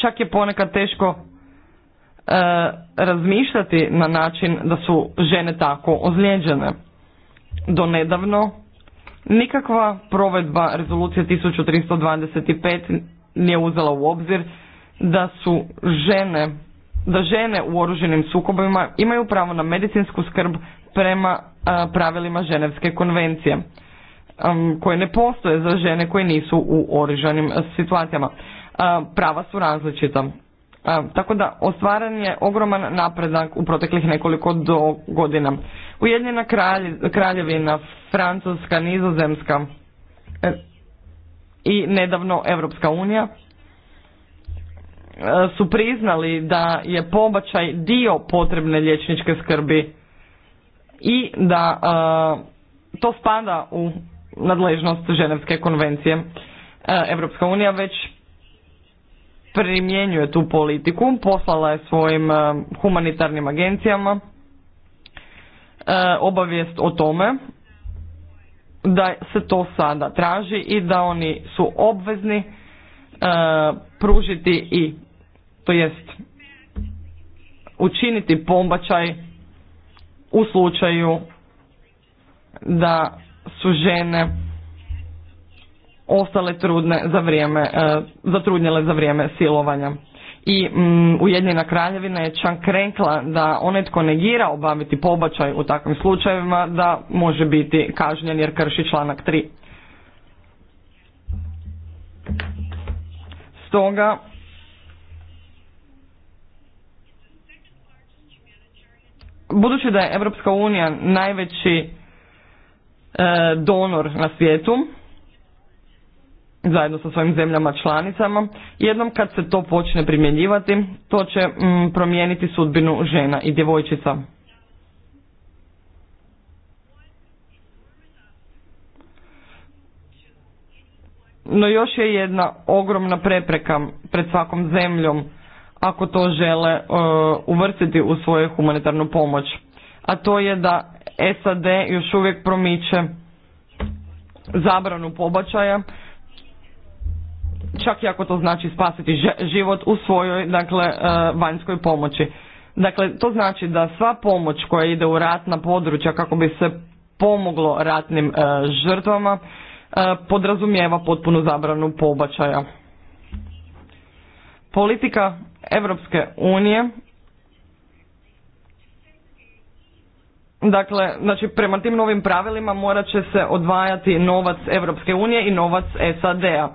Čak je ponekad teško e, razmišljati na način da su žene tako ozlijeđene. Do nedavno nikakva provedba rezolucije 1325 nije uzela u obzir da su žene da žene u oruženim sukobima imaju pravo na medicinsku skrb prema pravilima Ženevske konvencije um, koje ne postoje za žene koje nisu u oružanim situacijama. Prava su različita. Tako da ostvaren je ogroman napredak u proteklih nekoliko do godina. Ujedinjena kraljevina, Francuska, Nizozemska e, i nedavno Europska unija E, su priznali da je pobačaj dio potrebne liječničke skrbi i da e, to spada u nadležnost Ženevske konvencije. Europska unija već primjenjuje tu politiku, poslala je svojim e, humanitarnim agencijama obavijest o tome da se to sada traži i da oni su obvezni pružiti i to jest učiniti pombačaj u slučaju da su žene ostale trudne za vrijeme, e, zatrudnjele za vrijeme silovanja. I mm, Ujedinjena kraljevina je čak rekla da onaj tko negira obaviti pobačaj u takvim slučajevima da može biti kažnjen jer krši članak 3. Stoga budući da je Europska unija najveći e, donor na svijetu, zajedno sa svojim zemljama članicama, jednom kad se to počne primjenjivati, to će mm, promijeniti sudbinu žena i djevojčica. No još je jedna ogromna prepreka pred svakom zemljom ako to žele e, uvrstiti u svoju humanitarnu pomoć. A to je da SAD još uvijek promiče zabranu pobačaja, čak i ako to znači spasiti život u svojoj dakle, e, vanjskoj pomoći. Dakle, to znači da sva pomoć koja ide u ratna područja kako bi se pomoglo ratnim e, žrtvama podrazumijeva potpunu zabranu pobačaja. Politika Europske unije Dakle, znači prema tim novim pravilima morat će se odvajati novac Europske unije i novac SAD-a.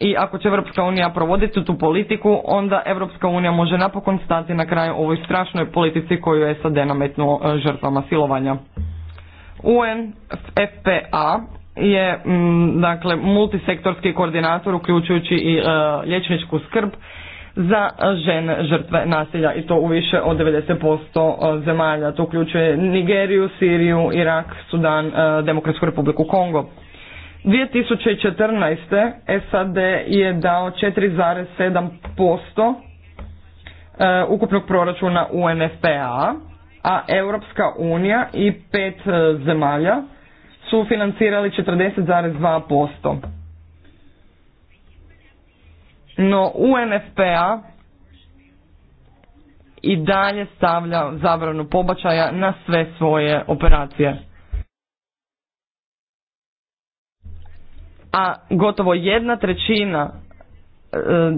I ako će Europska unija provoditi tu politiku, onda Europska unija može napokon stati na kraju ovoj strašnoj politici koju je SAD nametnuo e, žrtvama silovanja. UNFPA je mm, dakle multisektorski koordinator uključujući i e, liječničku skrb za žene žrtve nasilja i to u više od 90% e, zemalja. To uključuje Nigeriju, Siriju, Irak, Sudan, e, Demokratsku republiku Kongo. 2014. SAD je dao 4,7% e, ukupnog proračuna UNFPA, a Europska unija i pet zemalja su financirali 40,2%. No UNFPA i dalje stavlja zabranu pobačaja na sve svoje operacije. A gotovo jedna trećina e,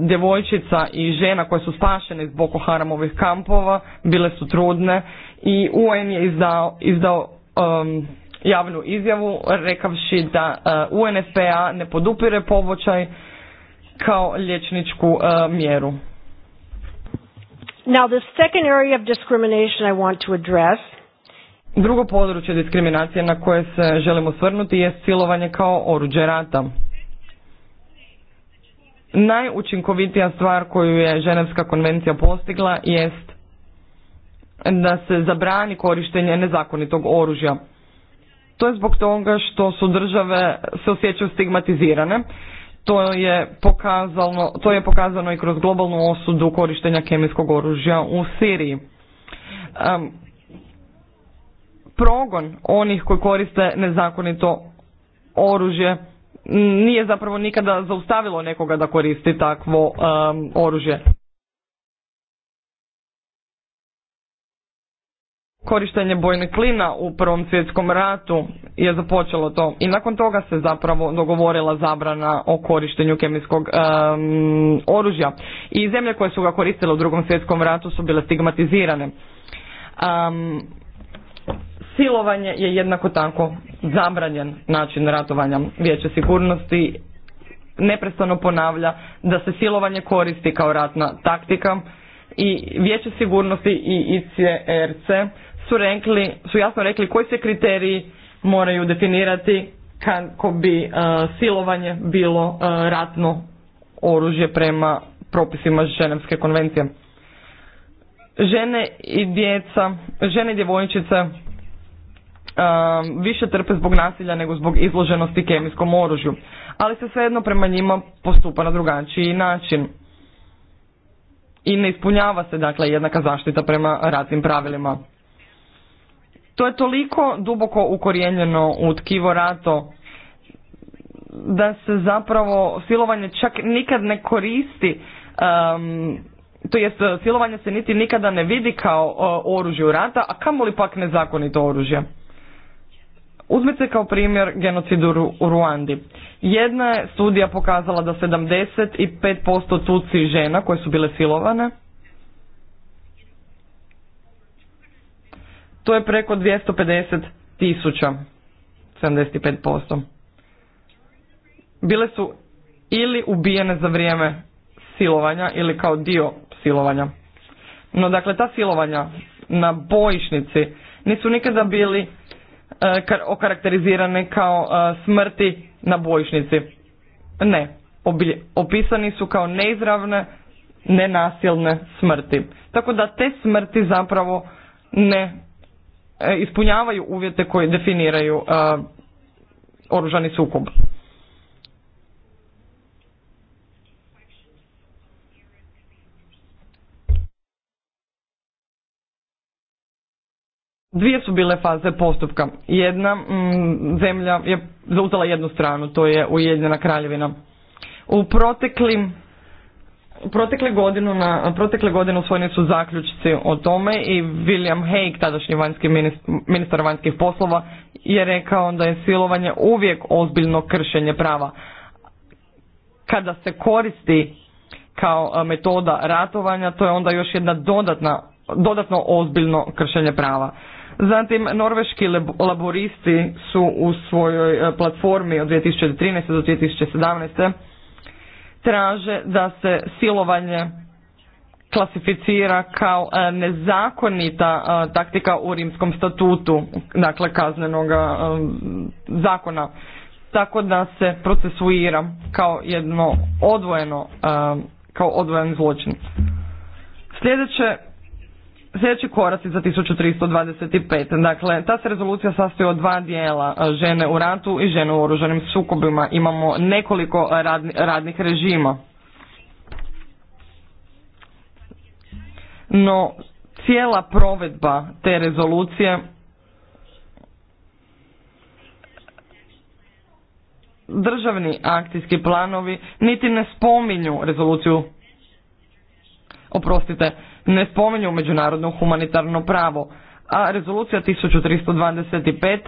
djevojčica i žena koje su spašene iz Boko Haramovih kampova bile su trudne i UN je izdao, izdao javnu izjavu rekavši da e, UNFPA ne podupire pobačaj kao liječničku e, mjeru. Now the second area of discrimination I want to address Drugo područje diskriminacije na koje se želimo svrnuti je silovanje kao oruđe rata. Najučinkovitija stvar koju je Ženevska konvencija postigla jest da se zabrani korištenje nezakonitog oružja. To je zbog toga što su države se osjećaju stigmatizirane to je, pokazano, to je pokazano i kroz globalnu osudu korištenja kemijskog oružja u Siriji. Um, progon onih koji koriste nezakonito oružje nije zapravo nikada zaustavilo nekoga da koristi takvo oružje. korištenje bojne klina u Prvom svjetskom ratu je započelo to i nakon toga se zapravo dogovorila zabrana o korištenju kemijskog oružja i zemlje koje su ga koristile u Drugom svjetskom ratu su bile stigmatizirane. Um, silovanje je jednako tako zabranjen način ratovanja Vijeće sigurnosti neprestano ponavlja da se silovanje koristi kao ratna taktika i Vijeće sigurnosti i ICRC e su, rekli, su jasno rekli koji se kriteriji moraju definirati kako bi e, silovanje bilo e, ratno oružje prema propisima Ženevske konvencije. Žene i djeca, žene i djevojčice e, više trpe zbog nasilja nego zbog izloženosti kemijskom oružju, ali se svejedno prema njima postupa na drugačiji način. I ne ispunjava se dakle jednaka zaštita prema ratnim pravilima. To je toliko duboko ukorijenjeno u tkivo rato da se zapravo silovanje čak nikad ne koristi, um, to jest uh, silovanje se niti nikada ne vidi kao uh, oružje rata, a kamoli pak nezakonito oružje. Uzmite kao primjer genocid u Ruandi. Jedna je studija pokazala da 75% tuci žena koje su bile silovane To je preko 250 tisuća, 75%. Bile su ili ubijene za vrijeme silovanja ili kao dio silovanja. No dakle, ta silovanja na bojišnici nisu nikada bili e, kar okarakterizirane kao e, smrti na bojišnici. Ne, opisani su kao neizravne, nenasilne smrti. Tako da te smrti zapravo ne E, ispunjavaju uvjete koje definiraju e, oružani sukob. Dvije su bile faze postupka. Jedna mm, zemlja je zauzela jednu stranu, to je Ujedinjena kraljevina. U proteklim Protekle godinu, na, protekle godine usvojeni su zaključci o tome i William Hague, tadašnji vanjski ministar, vanjskih poslova, je rekao da je silovanje uvijek ozbiljno kršenje prava. Kada se koristi kao e, metoda ratovanja, to je onda još jedna dodatna, dodatno ozbiljno kršenje prava. Zatim, norveški laboristi su u svojoj e, platformi od 2013. do 2017 traže da se silovanje klasificira kao e, nezakonita e, taktika u rimskom statutu, dakle kaznenog e, zakona. Tako da se procesuira kao jedno odvojeno, kao odvojen zločin. Sljedeće Sljedeći koraci za 1325. Dakle, ta se rezolucija sastoji od dva dijela, e, žene u ratu i žene u oružanim sukobima. Imamo nekoliko radni, radnih režima. No, cijela provedba te rezolucije državni akcijski planovi niti ne spominju rezoluciju oprostite, ne spominju međunarodno humanitarno pravo, a rezolucija 1325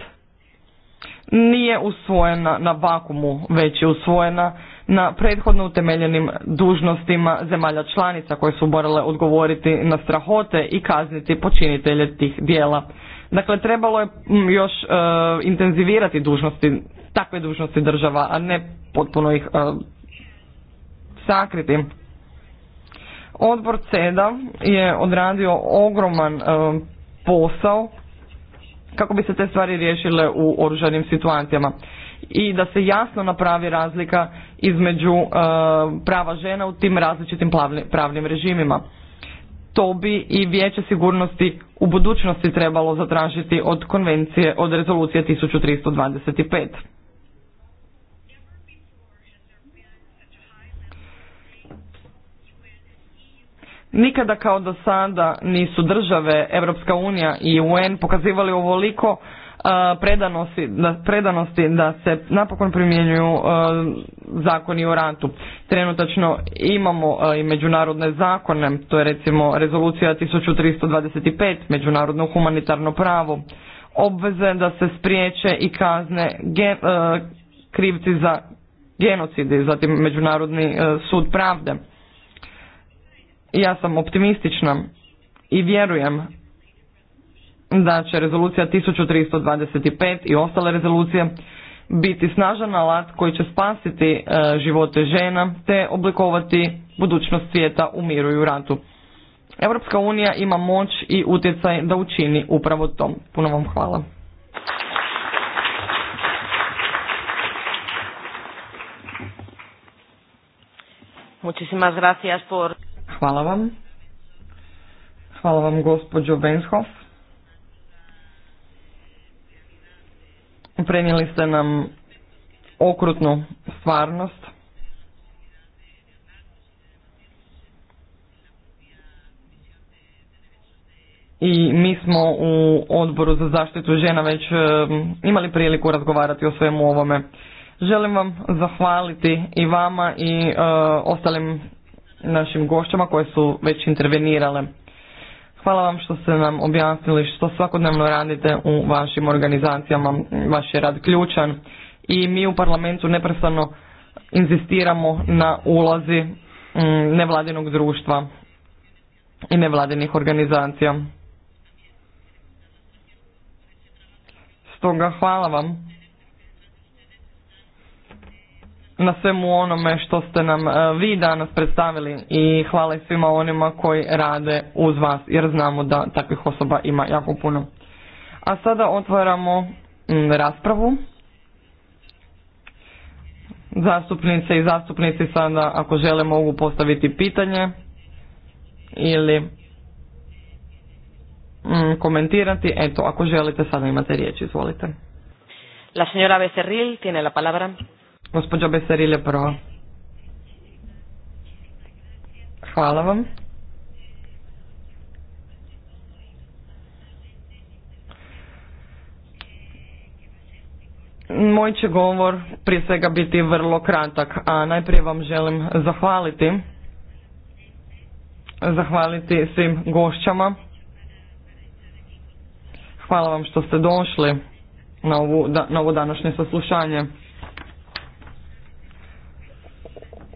nije usvojena na vakumu, već je usvojena na prethodno utemeljenim dužnostima zemalja članica koje su morale odgovoriti na strahote i kazniti počinitelje tih dijela. Dakle, trebalo je mm, još e, intenzivirati dužnosti, takve dužnosti država, a ne potpuno ih e, sakriti. Odbor CEDA je odradio ogroman e, posao kako bi se te stvari riješile u oružanim situacijama i da se jasno napravi razlika između e, prava žena u tim različitim pravnim režimima. To bi i Vijeće sigurnosti u budućnosti trebalo zatražiti od konvencije od rezolucije 1325. Nikada kao do sada nisu države Europska unija i UN pokazivali ovoliko uh, predanosti da, predanosti da se napokon primjenjuju uh, zakoni o ratu. Trenutačno imamo uh, i međunarodne zakone, to je recimo rezolucija 1325, međunarodno humanitarno pravo, obveze da se spriječe i kazne krivci za genocidi, zatim Međunarodni sud pravde ja sam optimistična i vjerujem da će rezolucija 1325 i ostale rezolucije biti snažan alat koji će spasiti e, živote žena te oblikovati budućnost svijeta u miru i u ratu. Europska unija ima moć i utjecaj da učini upravo to. Puno vam hvala. Muchísimas gracias por Hvala vam. Hvala vam gospođo Benshoff. Prenijeli ste nam okrutnu stvarnost. I mi smo u odboru za zaštitu žena već eh, imali priliku razgovarati o svemu ovome. Želim vam zahvaliti i vama i eh, ostalim našim gošćama koje su već intervenirale. Hvala vam što ste nam objasnili što svakodnevno radite u vašim organizacijama, vaš je rad ključan i mi u parlamentu neprestano inzistiramo na ulazi mm, nevladinog društva i nevladinih organizacija. Stoga hvala vam na svemu onome što ste nam e, vi danas predstavili i hvala svima onima koji rade uz vas jer znamo da takvih osoba ima jako puno. A sada otvaramo raspravu. Zastupnice i zastupnici sada ako žele mogu postaviti pitanje ili komentirati. Eto, ako želite sada imate riječ, izvolite. La señora Becerril tiene la palabra gospođa Besarile Pro. Hvala vam. Moj će govor prije svega biti vrlo kratak, a najprije vam želim zahvaliti zahvaliti svim gošćama. Hvala vam što ste došli na, na ovo današnje saslušanje.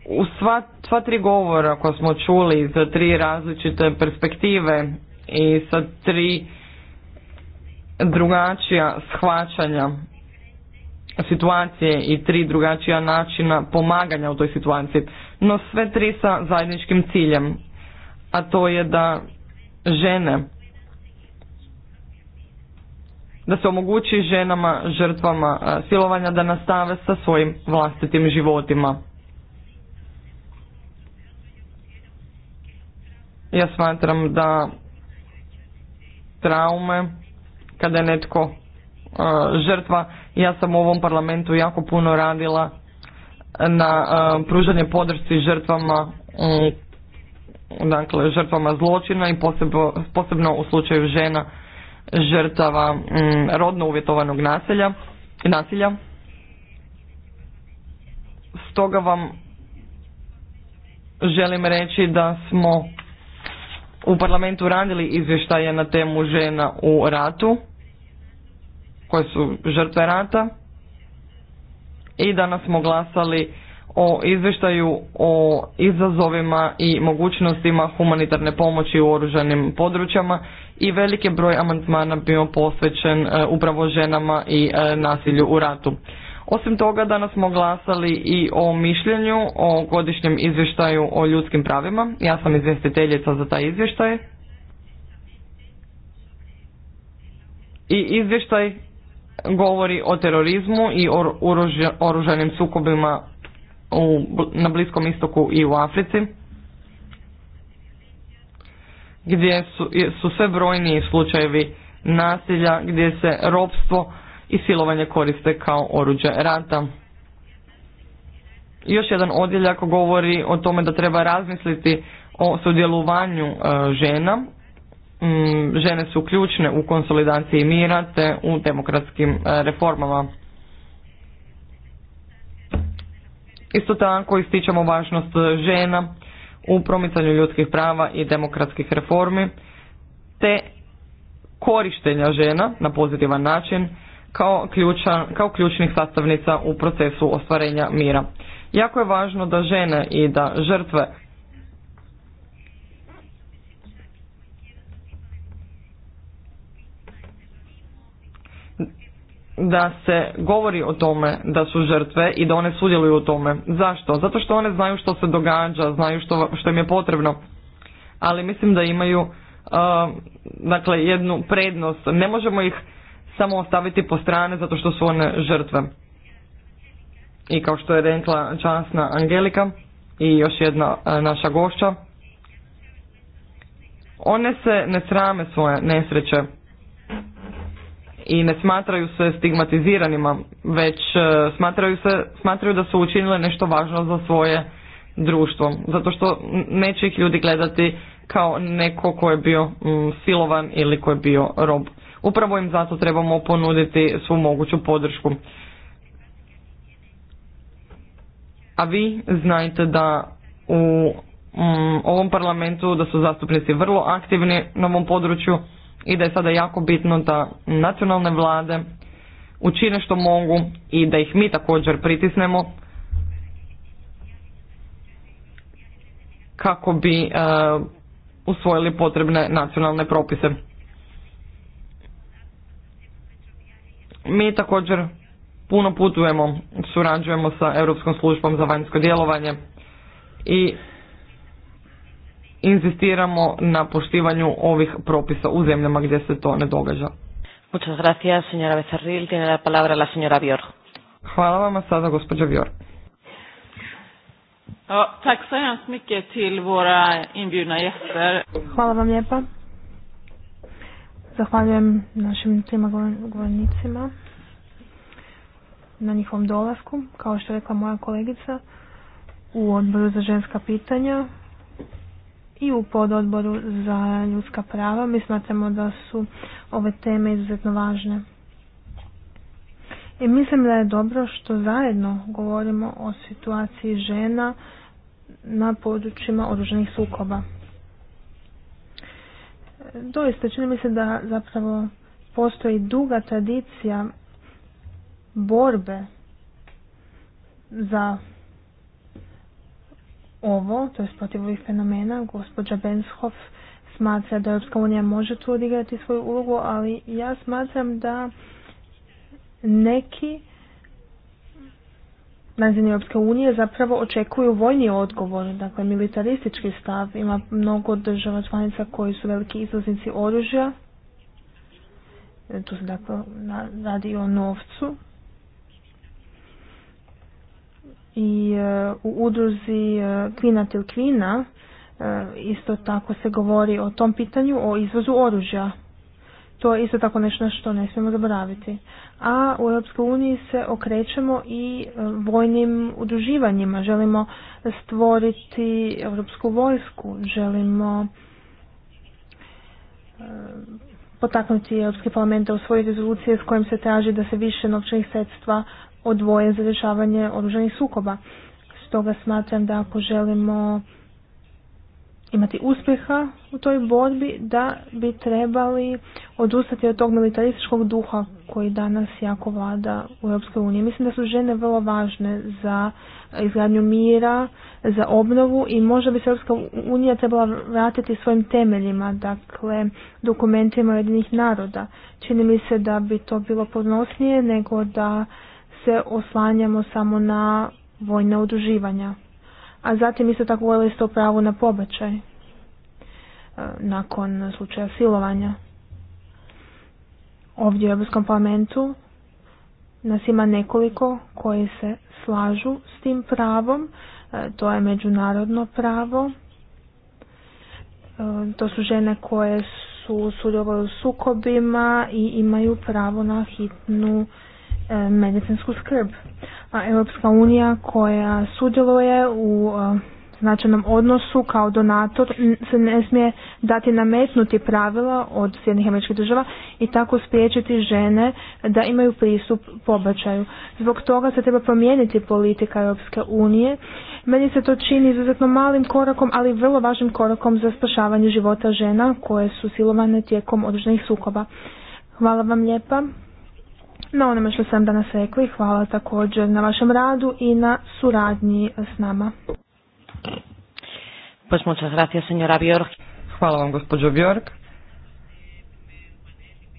u sva, sva tri govora koja smo čuli za tri različite perspektive i sa tri drugačija shvaćanja situacije i tri drugačija načina pomaganja u toj situaciji. No sve tri sa zajedničkim ciljem, a to je da žene, da se omogući ženama, žrtvama silovanja da nastave sa svojim vlastitim životima. Ja smatram da traume, kada je netko e, žrtva, ja sam u ovom parlamentu jako puno radila na pružanju e, pružanje podršci žrtvama dakle žrtvama zločina i posebno, posebno u slučaju žena žrtava rodno uvjetovanog nasilja nasilja stoga vam želim reći da smo u parlamentu radili izvještaje na temu žena u ratu, koje su žrtve rata. I danas smo glasali o izvještaju o izazovima i mogućnostima humanitarne pomoći u oružanim područjama i veliki broj amandmana bio posvećen e, upravo ženama i e, nasilju u ratu. Osim toga, danas smo glasali i o mišljenju o godišnjem izvještaju o ljudskim pravima. Ja sam izvjestiteljica za taj izvještaj. I izvještaj govori o terorizmu i oružanim sukobima u, na Bliskom istoku i u Africi gdje su, su sve brojniji slučajevi nasilja, gdje se ropstvo i silovanje koriste kao oruđe rata. Još jedan odjeljak govori o tome da treba razmisliti o sudjelovanju e, žena. Mm, žene su ključne u konsolidaciji mira te u demokratskim e, reformama. Isto tako ističemo važnost žena u promicanju ljudskih prava i demokratskih reformi te korištenja žena na pozitivan način kao, ključa, kao ključnih sastavnica u procesu ostvarenja mira. Jako je važno da žene i da žrtve da se govori o tome da su žrtve i da one sudjeluju u tome. Zašto? Zato što one znaju što se događa, znaju što, što im je potrebno. Ali mislim da imaju uh, dakle jednu prednost. Ne možemo ih samo ostaviti po strane zato što su one žrtve. I kao što je rekla časna Angelika i još jedna e, naša gošća, one se ne srame svoje nesreće i ne smatraju se stigmatiziranima, već e, smatraju, se, smatraju da su učinile nešto važno za svoje društvo, zato što neće ih ljudi gledati kao neko ko je bio silovan ili ko je bio rob. Upravo im zato trebamo ponuditi svu moguću podršku. A vi znajte da u mm, ovom parlamentu da su zastupnici vrlo aktivni na ovom području i da je sada jako bitno da nacionalne vlade učine što mogu i da ih mi također pritisnemo kako bi e, usvojili potrebne nacionalne propise. Mi također puno putujemo, surađujemo sa Europskom službom za vanjsko djelovanje i insistiramo na poštivanju ovih propisa u zemljama gdje se to ne događa. Muchas gracias, señora Becerril. Tiene Hvala vam, sada gospođa Vjor. Ja, tack så mycket till Hvala vam lijepa. Zahvaljujem našim trima govornicima na njihovom dolasku. Kao što je rekla moja kolegica, u odboru za ženska pitanja i u pododboru za ljudska prava. Mi smatramo da su ove teme izuzetno važne. I mislim da je dobro što zajedno govorimo o situaciji žena na područjima oruženih sukoba doista čini mi se da zapravo postoji duga tradicija borbe za ovo, to je protiv ovih fenomena. Gospođa Benshoff smatra da Europska unija može tu odigrati svoju ulogu, ali ja smatram da neki na Europske unije zapravo očekuju vojni odgovor, dakle militaristički stav. Ima mnogo država članica koji su veliki izvoznici oružja. E, tu se dakle radi o novcu. I e, u udruzi e, Kvina Kvina isto tako se govori o tom pitanju o izvozu oružja. To je isto tako nešto što ne smijemo zaboraviti. A u Europskoj uniji se okrećemo i e, vojnim udruživanjima. Želimo stvoriti europsku vojsku, želimo e, potaknuti Europski parlament u svoje rezolucije s kojim se traži da se više novčanih sredstva odvoje za rješavanje oružanih sukoba. Stoga smatram da ako želimo imati uspjeha u toj borbi da bi trebali odustati od tog militarističkog duha koji danas jako vlada u Europskoj uniji. Mislim da su žene vrlo važne za izgradnju mira, za obnovu i možda bi se Europska unija trebala vratiti svojim temeljima, dakle dokumentima jedinih naroda. Čini mi se da bi to bilo podnosnije nego da se oslanjamo samo na vojna uduživanja. A zatim isto tako govorili ste o pravu na pobačaj e, nakon slučaja silovanja. Ovdje u Europskom parlamentu nas ima nekoliko koji se slažu s tim pravom. E, to je međunarodno pravo. E, to su žene koje su sudjelovali u sukobima i imaju pravo na hitnu medicinsku skrb. Europska unija koja sudjeluje u e, značajnom odnosu kao donator se ne smije dati nametnuti pravila od Sjednih američkih država i tako spriječiti žene da imaju pristup pobačaju. Zbog toga se treba promijeniti politika Europske unije. Meni se to čini izuzetno malim korakom, ali vrlo važnim korakom za spašavanje života žena koje su silovane tijekom određenih sukoba. Hvala vam lijepa na onome što sam danas rekla i hvala također na vašem radu i na suradnji s nama. Pues muchas gracias, señora Bjork. Hvala vam, gospođo Bjork.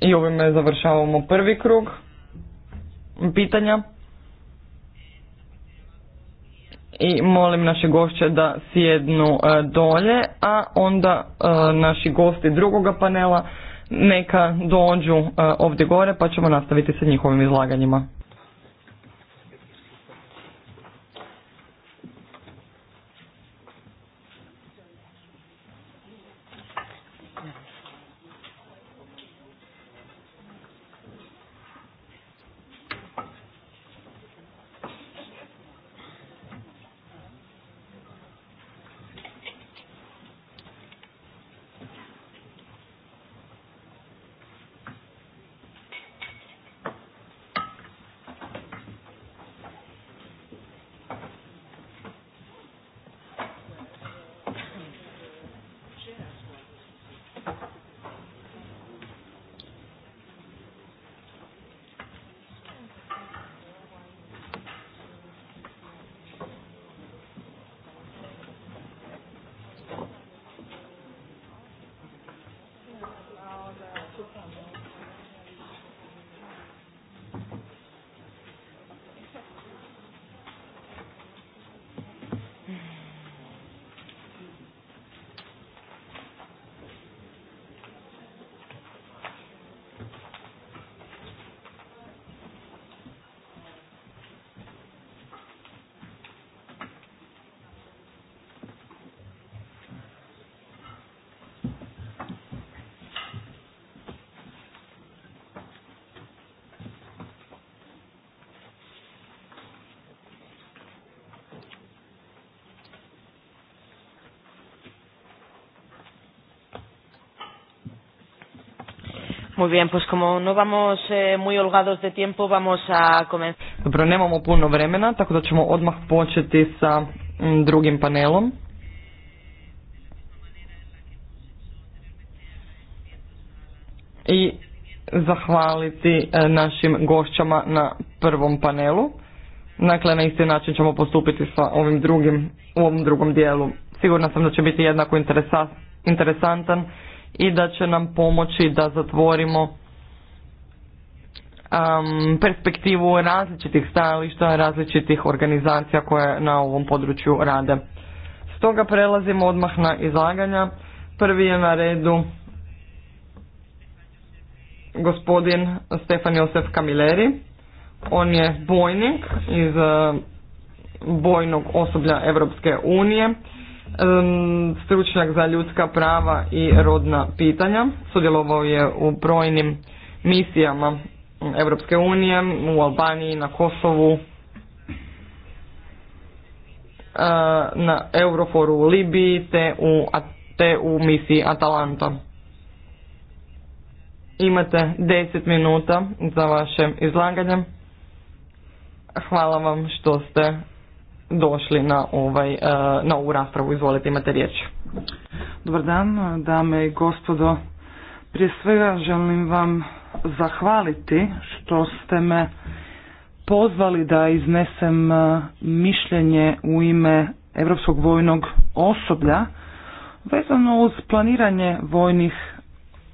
I ovime završavamo prvi krug pitanja. I molim naše gošće da sjednu e, dolje, a onda e, naši gosti drugoga panela neka dođu e, ovdje gore pa ćemo nastaviti sa njihovim izlaganjima. Muy bien, pues como no vamos eh, muy holgados de tiempo, vamos a comenzar. Dobro, nemamo puno vremena, tako da ćemo odmah početi sa mm, drugim panelom. I zahvaliti eh, našim gošćama na prvom panelu. Dakle, na isti način ćemo postupiti sa ovim drugim, u ovom drugom dijelu. Sigurna sam da će biti jednako interesa, interesantan i da će nam pomoći da zatvorimo um, perspektivu različitih stajališta, različitih organizacija koje na ovom području rade. Stoga prelazimo odmah na izlaganja. Prvi je na redu gospodin Stefan Josef Kamileri. On je bojnik iz eh, bojnog osoblja Europske unije stručnjak za ljudska prava i rodna pitanja. Sudjelovao je u brojnim misijama Europske unije u Albaniji, na Kosovu, e, na Euroforu u Libiji te u, te u misiji Atalanta. Imate 10 minuta za vaše izlaganje. Hvala vam što ste došli na, ovaj, e, na ovu raspravu. Izvolite, imate riječ. Dobar dan, dame i gospodo. Prije svega želim vam zahvaliti što ste me pozvali da iznesem e, mišljenje u ime Europskog vojnog osoblja vezano uz planiranje vojnih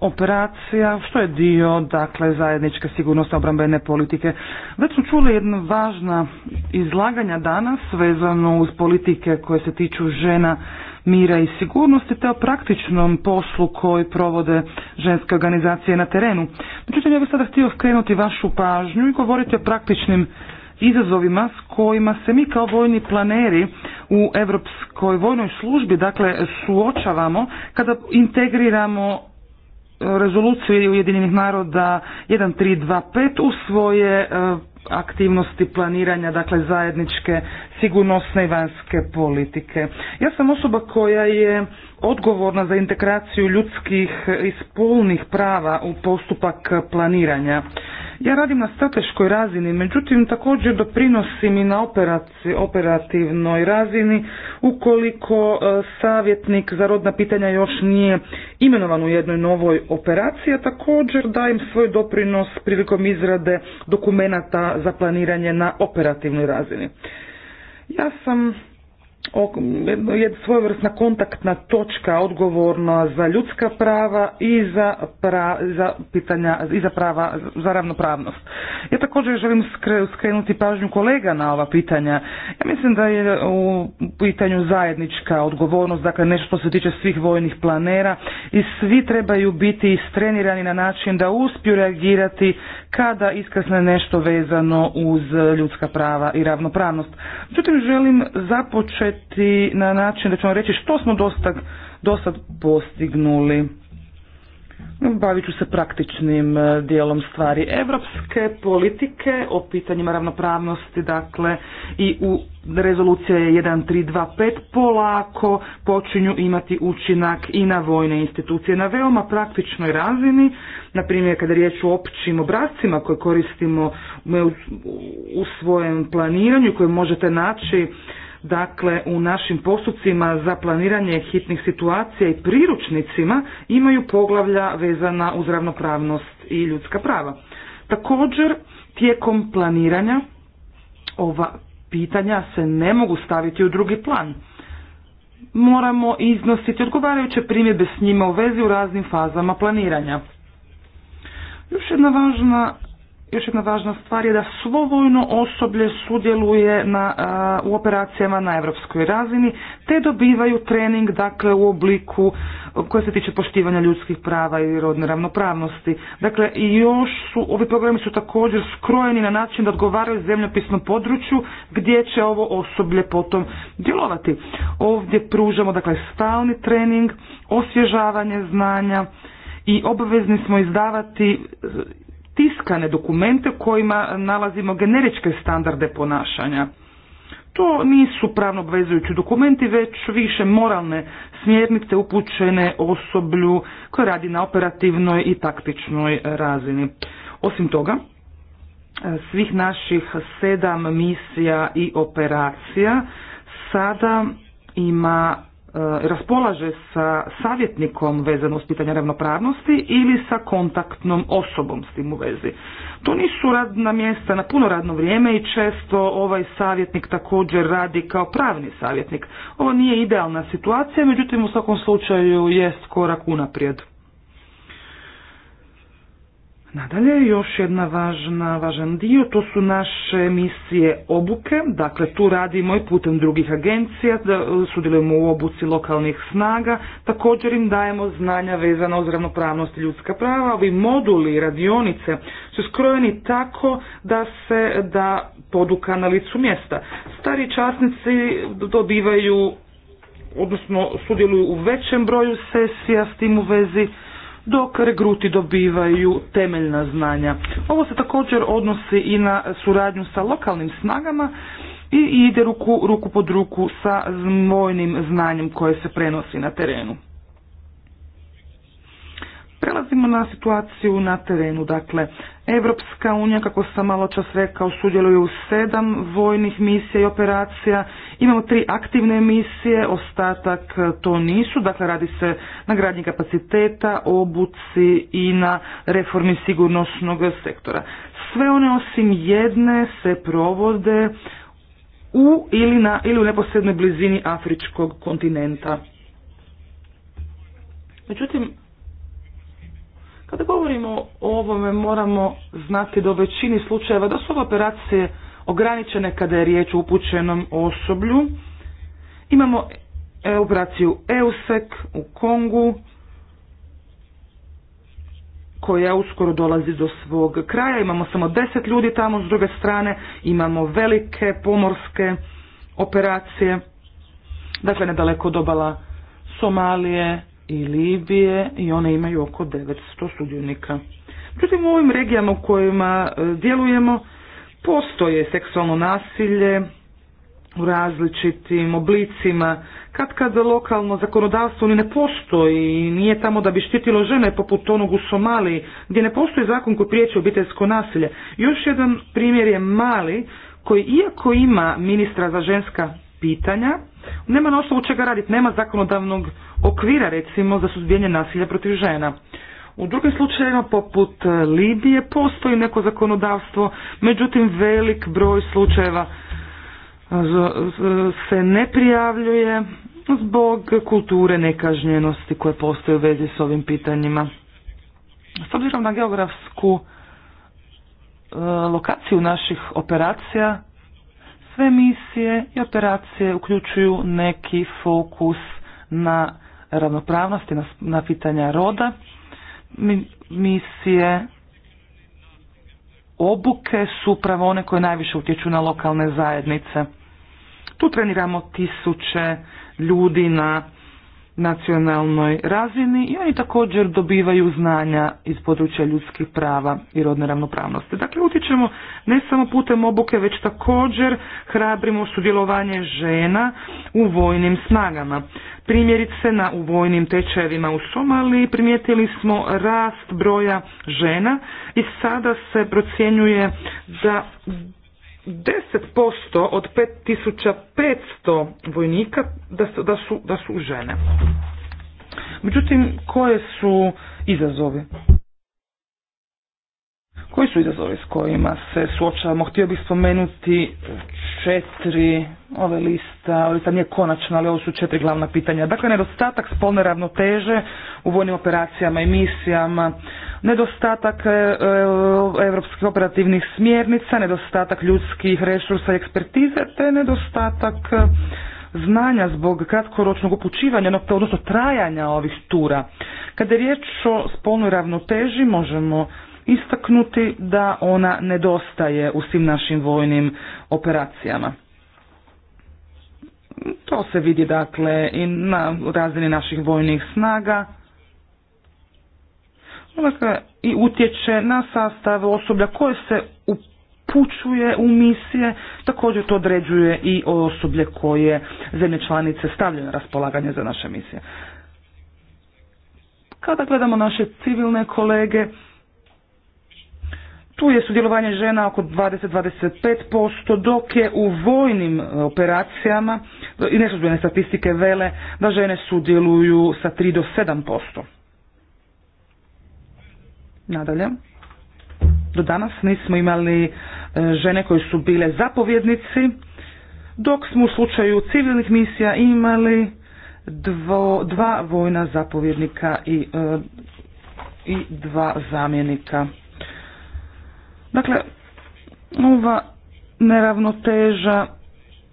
operacija, što je dio dakle, zajedničke sigurnosti obrambene politike. Već smo čuli jedna važna izlaganja danas vezano uz politike koje se tiču žena, mira i sigurnosti te o praktičnom poslu koji provode ženske organizacije na terenu. Međutim, ja bih sada htio skrenuti vašu pažnju i govoriti o praktičnim izazovima s kojima se mi kao vojni planeri u Europskoj vojnoj službi dakle suočavamo kada integriramo rezoluciju Ujedinjenih naroda 1325 u svoje e, aktivnosti planiranja dakle zajedničke sigurnosne i vanjske politike. Ja sam osoba koja je odgovorna za integraciju ljudskih i spolnih prava u postupak planiranja. Ja radim na strateškoj razini, međutim također doprinosim i na operativnoj razini ukoliko e, savjetnik za rodna pitanja još nije imenovan u jednoj novoj operaciji, a također dajem svoj doprinos prilikom izrade dokumenata za planiranje na operativnoj razini. Ja sam svojevrsna kontaktna točka odgovorna za ljudska prava i za, pra, za pitanja i za prava za ravnopravnost. Ja također želim skrenuti pažnju kolega na ova pitanja. Ja mislim da je u pitanju zajednička odgovornost, dakle nešto što se tiče svih vojnih planera i svi trebaju biti istrenirani na način da uspiju reagirati kada iskazne nešto vezano uz ljudska prava i ravnopravnost. Međutim, želim započeti na način da ćemo reći što smo dosta dosad postignuli. Bavit ću se praktičnim e, dijelom stvari evropske politike o pitanjima ravnopravnosti, dakle i u rezolucije 1325 polako počinju imati učinak i na vojne institucije na veoma praktičnoj razini, na primjer kada je riječ o općim obrazcima koje koristimo e, u svojem planiranju koje možete naći Dakle, u našim postupcima za planiranje hitnih situacija i priručnicima imaju poglavlja vezana uz ravnopravnost i ljudska prava. Također, tijekom planiranja ova pitanja se ne mogu staviti u drugi plan. Moramo iznositi odgovarajuće primjedbe s njima u vezi u raznim fazama planiranja. Još jedna važna još jedna važna stvar je da svo vojno osoblje sudjeluje na, u operacijama na europskoj razini te dobivaju trening dakle u obliku koje se tiče poštivanja ljudskih prava i rodne ravnopravnosti. Dakle, još su, ovi programi su također skrojeni na način da odgovaraju zemljopisnom području gdje će ovo osoblje potom djelovati. Ovdje pružamo dakle stalni trening, osvježavanje znanja i obavezni smo izdavati tiskane dokumente kojima nalazimo generičke standarde ponašanja. To nisu pravno obvezujući dokumenti, već više moralne smjernice upućene osoblju koje radi na operativnoj i taktičnoj razini. Osim toga, svih naših sedam misija i operacija sada ima E, raspolaže sa savjetnikom vezano s pitanje ravnopravnosti ili sa kontaktnom osobom s tim u vezi. To nisu radna mjesta na puno radno vrijeme i često ovaj savjetnik također radi kao pravni savjetnik. Ovo nije idealna situacija, međutim u svakom slučaju jest korak unaprijed. Nadalje, još jedna važna, važan dio, to su naše misije obuke, dakle tu radimo i putem drugih agencija, da sudjelujemo u obuci lokalnih snaga, također im dajemo znanja vezana uz ravnopravnost i ljudska prava, ovi moduli, radionice su skrojeni tako da se da poduka na licu mjesta. Stari časnici dobivaju, odnosno sudjeluju u većem broju sesija s tim u vezi, dok regruti dobivaju temeljna znanja. Ovo se također odnosi i na suradnju sa lokalnim snagama i ide ruku, pod ruku sa mojnim znanjem koje se prenosi na terenu. Prelazimo na situaciju na terenu, dakle Evropska unija, kako sam malo čas rekao, sudjeluje u sedam vojnih misija i operacija. Imamo tri aktivne misije, ostatak e, to nisu. Dakle, radi se na gradnji kapaciteta, obuci i na reformi sigurnosnog sektora. Sve one osim jedne se provode u ili, na, ili u neposrednoj blizini afričkog kontinenta. Međutim, kada govorimo o ovome moramo znati da u većini slučajeva da su operacije ograničene kada je riječ o upućenom osoblju. Imamo e, operaciju EUSEC u Kongu koja uskoro dolazi do svog kraja. Imamo samo deset ljudi tamo s druge strane. Imamo velike pomorske operacije. Dakle, nedaleko od obala Somalije, i Libije i one imaju oko 900 sudionika. Međutim, u ovim regijama u kojima e, djelujemo postoje seksualno nasilje u različitim oblicima. Kad kad lokalno zakonodavstvo ni ne postoji, nije tamo da bi štitilo žene poput onog u Somaliji, gdje ne postoji zakon koji priječe obiteljsko nasilje. Još jedan primjer je Mali, koji iako ima ministra za ženska pitanja, nema na osnovu čega raditi, nema zakonodavnog okvira recimo za suzbijanje nasilja protiv žena. U drugim slučajevima poput e, Libije postoji neko zakonodavstvo, međutim velik broj slučajeva e, se ne prijavljuje zbog kulture nekažnjenosti koje postoje u vezi s ovim pitanjima. S obzirom na geografsku e, lokaciju naših operacija, sve misije i operacije uključuju neki fokus na ravnopravnosti, na, na pitanja roda. misije obuke su upravo one koje najviše utječu na lokalne zajednice. Tu treniramo tisuće ljudi na nacionalnoj razini i oni također dobivaju znanja iz područja ljudskih prava i rodne ravnopravnosti. Dakle, utječemo ne samo putem obuke, već također hrabrimo sudjelovanje žena u vojnim snagama. Primjerice na uvojnim vojnim tečajevima u Somaliji primijetili smo rast broja žena i sada se procjenjuje da 10% od 5500 vojnika da su, da su, da su žene. Međutim, koje su izazovi? Koji su izazovi s kojima se suočavamo? Htio bih spomenuti četiri, ove lista, ali lista nije konačno, ali ovo su četiri glavna pitanja. Dakle, nedostatak spolne ravnoteže u vojnim operacijama i misijama, nedostatak europskih e, operativnih smjernica, nedostatak ljudskih resursa i ekspertize, te nedostatak e, znanja zbog kratkoročnog upućivanja, odnosno trajanja ovih tura. Kada je riječ o spolnoj ravnoteži, možemo istaknuti da ona nedostaje u svim našim vojnim operacijama. To se vidi dakle i na razini naših vojnih snaga. Dakle, i utječe na sastav osoblja koje se upućuje u misije, također to određuje i osoblje koje zemlje članice stavljaju na raspolaganje za naše misije. Kada gledamo naše civilne kolege, tu je sudjelovanje žena oko 20-25%, dok je u vojnim e, operacijama, i neslužbene statistike vele, da žene sudjeluju sa 3 do 7%. Nadalje, do danas nismo imali e, žene koje su bile zapovjednici, dok smo u slučaju civilnih misija imali dvo, dva vojna zapovjednika i, e, i dva zamjenika. Dakle, ova neravnoteža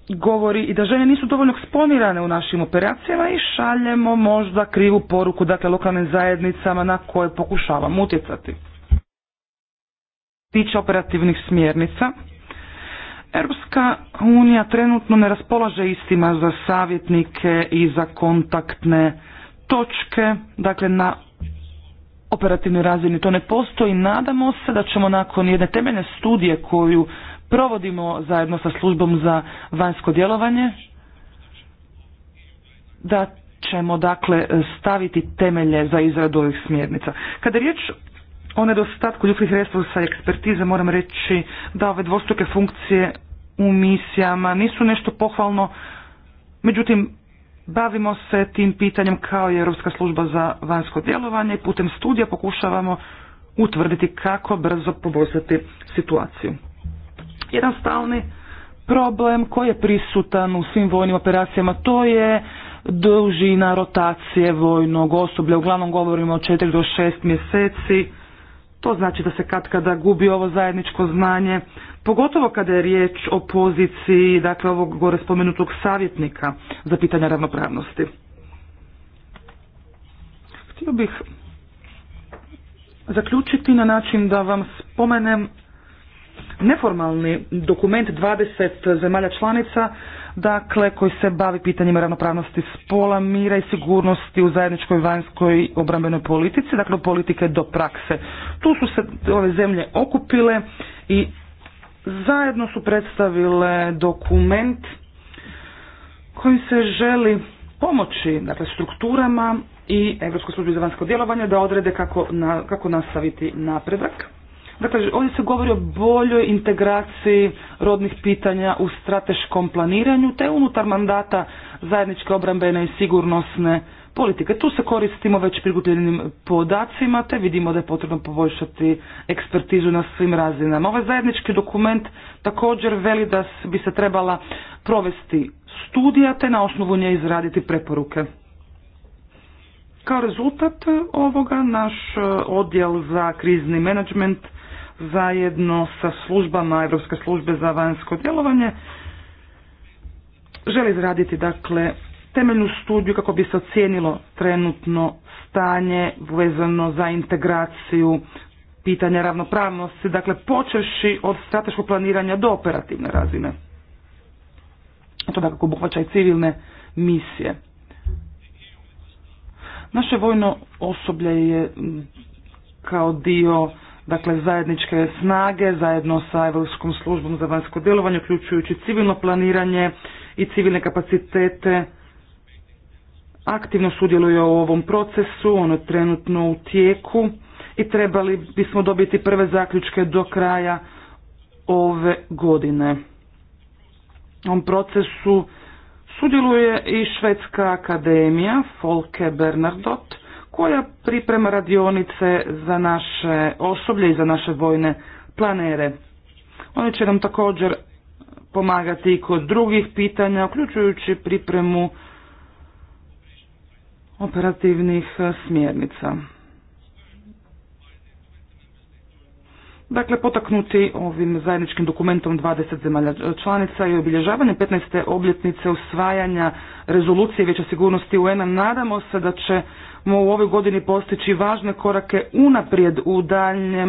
govori i da žene nisu dovoljno eksponirane u našim operacijama i šaljemo možda krivu poruku dakle lokalnim zajednicama na koje pokušavamo utjecati. Tiče operativnih smjernica, Europska unija trenutno ne raspolaže istima za savjetnike i za kontaktne točke, dakle na operativnoj razini. To ne postoji. Nadamo se da ćemo nakon jedne temeljne studije koju provodimo zajedno sa službom za vanjsko djelovanje, da ćemo dakle staviti temelje za izradu ovih smjernica. Kada je riječ o nedostatku ljudskih resursa i ekspertize moram reći da ove dvostruke funkcije u misijama nisu nešto pohvalno, međutim Bavimo se tim pitanjem kao i Europska služba za vanjsko djelovanje i putem studija pokušavamo utvrditi kako brzo poboljšati situaciju. Jedan stalni problem koji je prisutan u svim vojnim operacijama to je dužina rotacije vojnog osoblja. Uglavnom govorimo o 4 do 6 mjeseci. To znači da se kad kada gubi ovo zajedničko znanje, pogotovo kada je riječ o poziciji dakle, ovog gore spomenutog savjetnika za pitanja ravnopravnosti. Htio bih zaključiti na način da vam spomenem neformalni dokument 20 zemalja članica dakle koji se bavi pitanjima ravnopravnosti spola, mira i sigurnosti u zajedničkoj vanjskoj obrambenoj politici, dakle politike do prakse. Tu su se ove zemlje okupile i zajedno su predstavile dokument kojim se želi pomoći dakle, strukturama i Europskoj službi za vanjsko djelovanje da odrede kako, na, kako nastaviti napredak. Dakle, ovdje se govori o boljoj integraciji rodnih pitanja u strateškom planiranju te unutar mandata zajedničke obrambene i sigurnosne politike. Tu se koristimo već prikupljenim podacima te vidimo da je potrebno poboljšati ekspertizu na svim razinama. Ovaj zajednički dokument također veli da bi se trebala provesti studija te na osnovu nje izraditi preporuke. Kao rezultat ovoga naš e, odjel za krizni menadžment zajedno sa službama Evropske službe za vanjsko djelovanje želi izraditi dakle temeljnu studiju kako bi se ocijenilo trenutno stanje vezano za integraciju pitanja ravnopravnosti, dakle počeši od strateškog planiranja do operativne razine. To dakako obuhvaća i civilne misije. Naše vojno osoblje je kao dio dakle zajedničke snage zajedno sa Evropskom službom za vanjsko djelovanje uključujući civilno planiranje i civilne kapacitete aktivno sudjeluje u ovom procesu, On je trenutno u tijeku i trebali bismo dobiti prve zaključke do kraja ove godine. U ovom procesu sudjeluje i Švedska akademija Folke Bernardot koja priprema radionice za naše osoblje i za naše vojne planere. Oni će nam također pomagati i kod drugih pitanja, uključujući pripremu operativnih e, smjernica. Dakle, potaknuti ovim zajedničkim dokumentom 20 zemalja e, članica i obilježavanje 15. obljetnice usvajanja rezolucije Vijeća sigurnosti UN-a, nadamo se da ćemo u ovoj godini postići važne korake unaprijed u,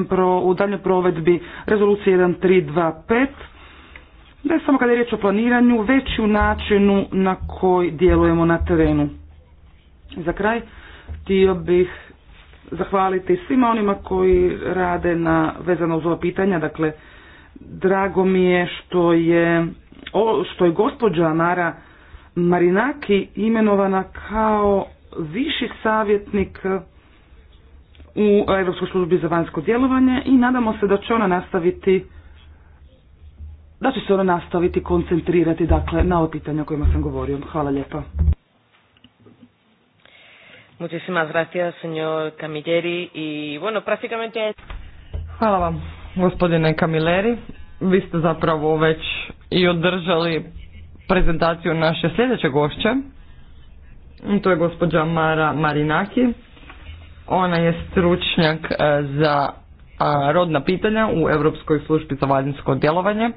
pro, u daljnjoj provedbi rezolucije 1325, ne samo kada je riječ o planiranju, već i u načinu na koji djelujemo na terenu. Za kraj htio bih zahvaliti svima onima koji rade na vezano uz ova pitanja. Dakle, drago mi je što je, o, što je gospođa Mara Marinaki imenovana kao viši savjetnik u Europskoj službi za vanjsko djelovanje i nadamo se da će ona nastaviti da će se ona nastaviti koncentrirati dakle na ova pitanja o kojima sam govorio. Hvala lijepa. Muchísimas gracias, señor Camilleri. Y bueno, prácticamente... Hvala vam, gospodine Kamileri. Vi ste zapravo već i održali prezentaciju naše sljedeće gošće. To je gospođa Mara Marinaki. Ona je stručnjak e, za rodna pitanja u Europskoj službi za vanjsko djelovanje.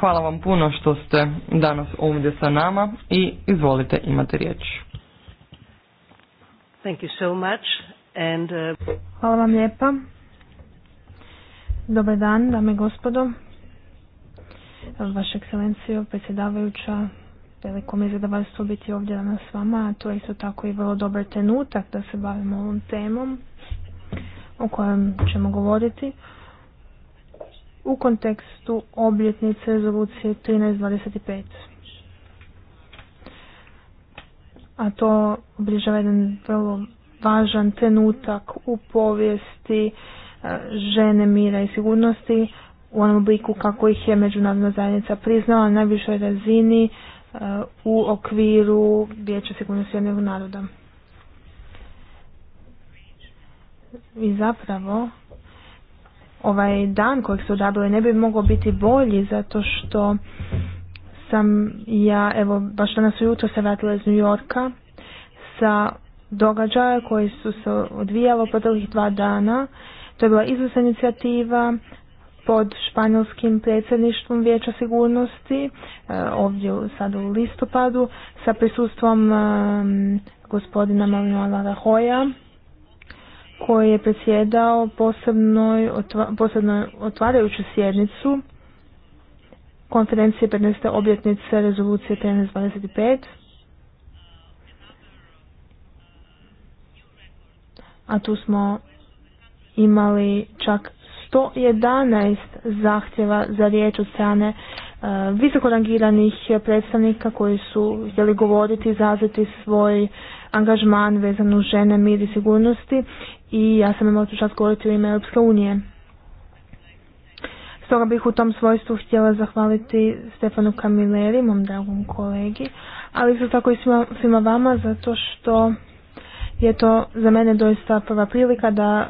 Hvala vam puno što ste danas ovdje sa nama i izvolite imate riječ. Thank you so much. And, uh... Hvala vam lijepa. Dobar dan, dame i gospodo. Vaša ekscelencijo, predsjedavajuća, veliko mi je zadovoljstvo biti ovdje danas s vama. To je isto tako i vrlo dobar trenutak da se bavimo ovom temom o kojem ćemo govoriti u kontekstu obljetnice rezolucije pet a to obližava jedan vrlo važan trenutak u povijesti e, žene mira i sigurnosti u onom obliku kako ih je međunarodna zajednica priznala na najvišoj razini e, u okviru Vijeća sigurnosti jednog naroda. I zapravo ovaj dan kojeg se odabili ne bi mogao biti bolji zato što sam ja, evo, baš danas ujutro se vratila iz New Yorka sa događaja koji su se odvijalo proteklih dva dana. To je bila izvrsna inicijativa pod španjolskim predsjedništvom Vijeća sigurnosti, e, ovdje sad u listopadu, sa prisustvom e, gospodina Manuela Rahoja, koji je predsjedao posebnoj, posebnoj otvarajuću sjednicu konferencije 15. objetnice rezolucije 1325. A tu smo imali čak 111 zahtjeva za riječ od strane e, visoko predstavnika koji su htjeli govoriti, izraziti svoj angažman vezan uz žene, mir i sigurnosti i ja sam imala čast govoriti u ime Europske unije. Stoga bih u tom svojstvu htjela zahvaliti Stefanu Kamileri, mom dragom kolegi, ali isto tako i svima, svima vama zato što je to za mene doista prva prilika da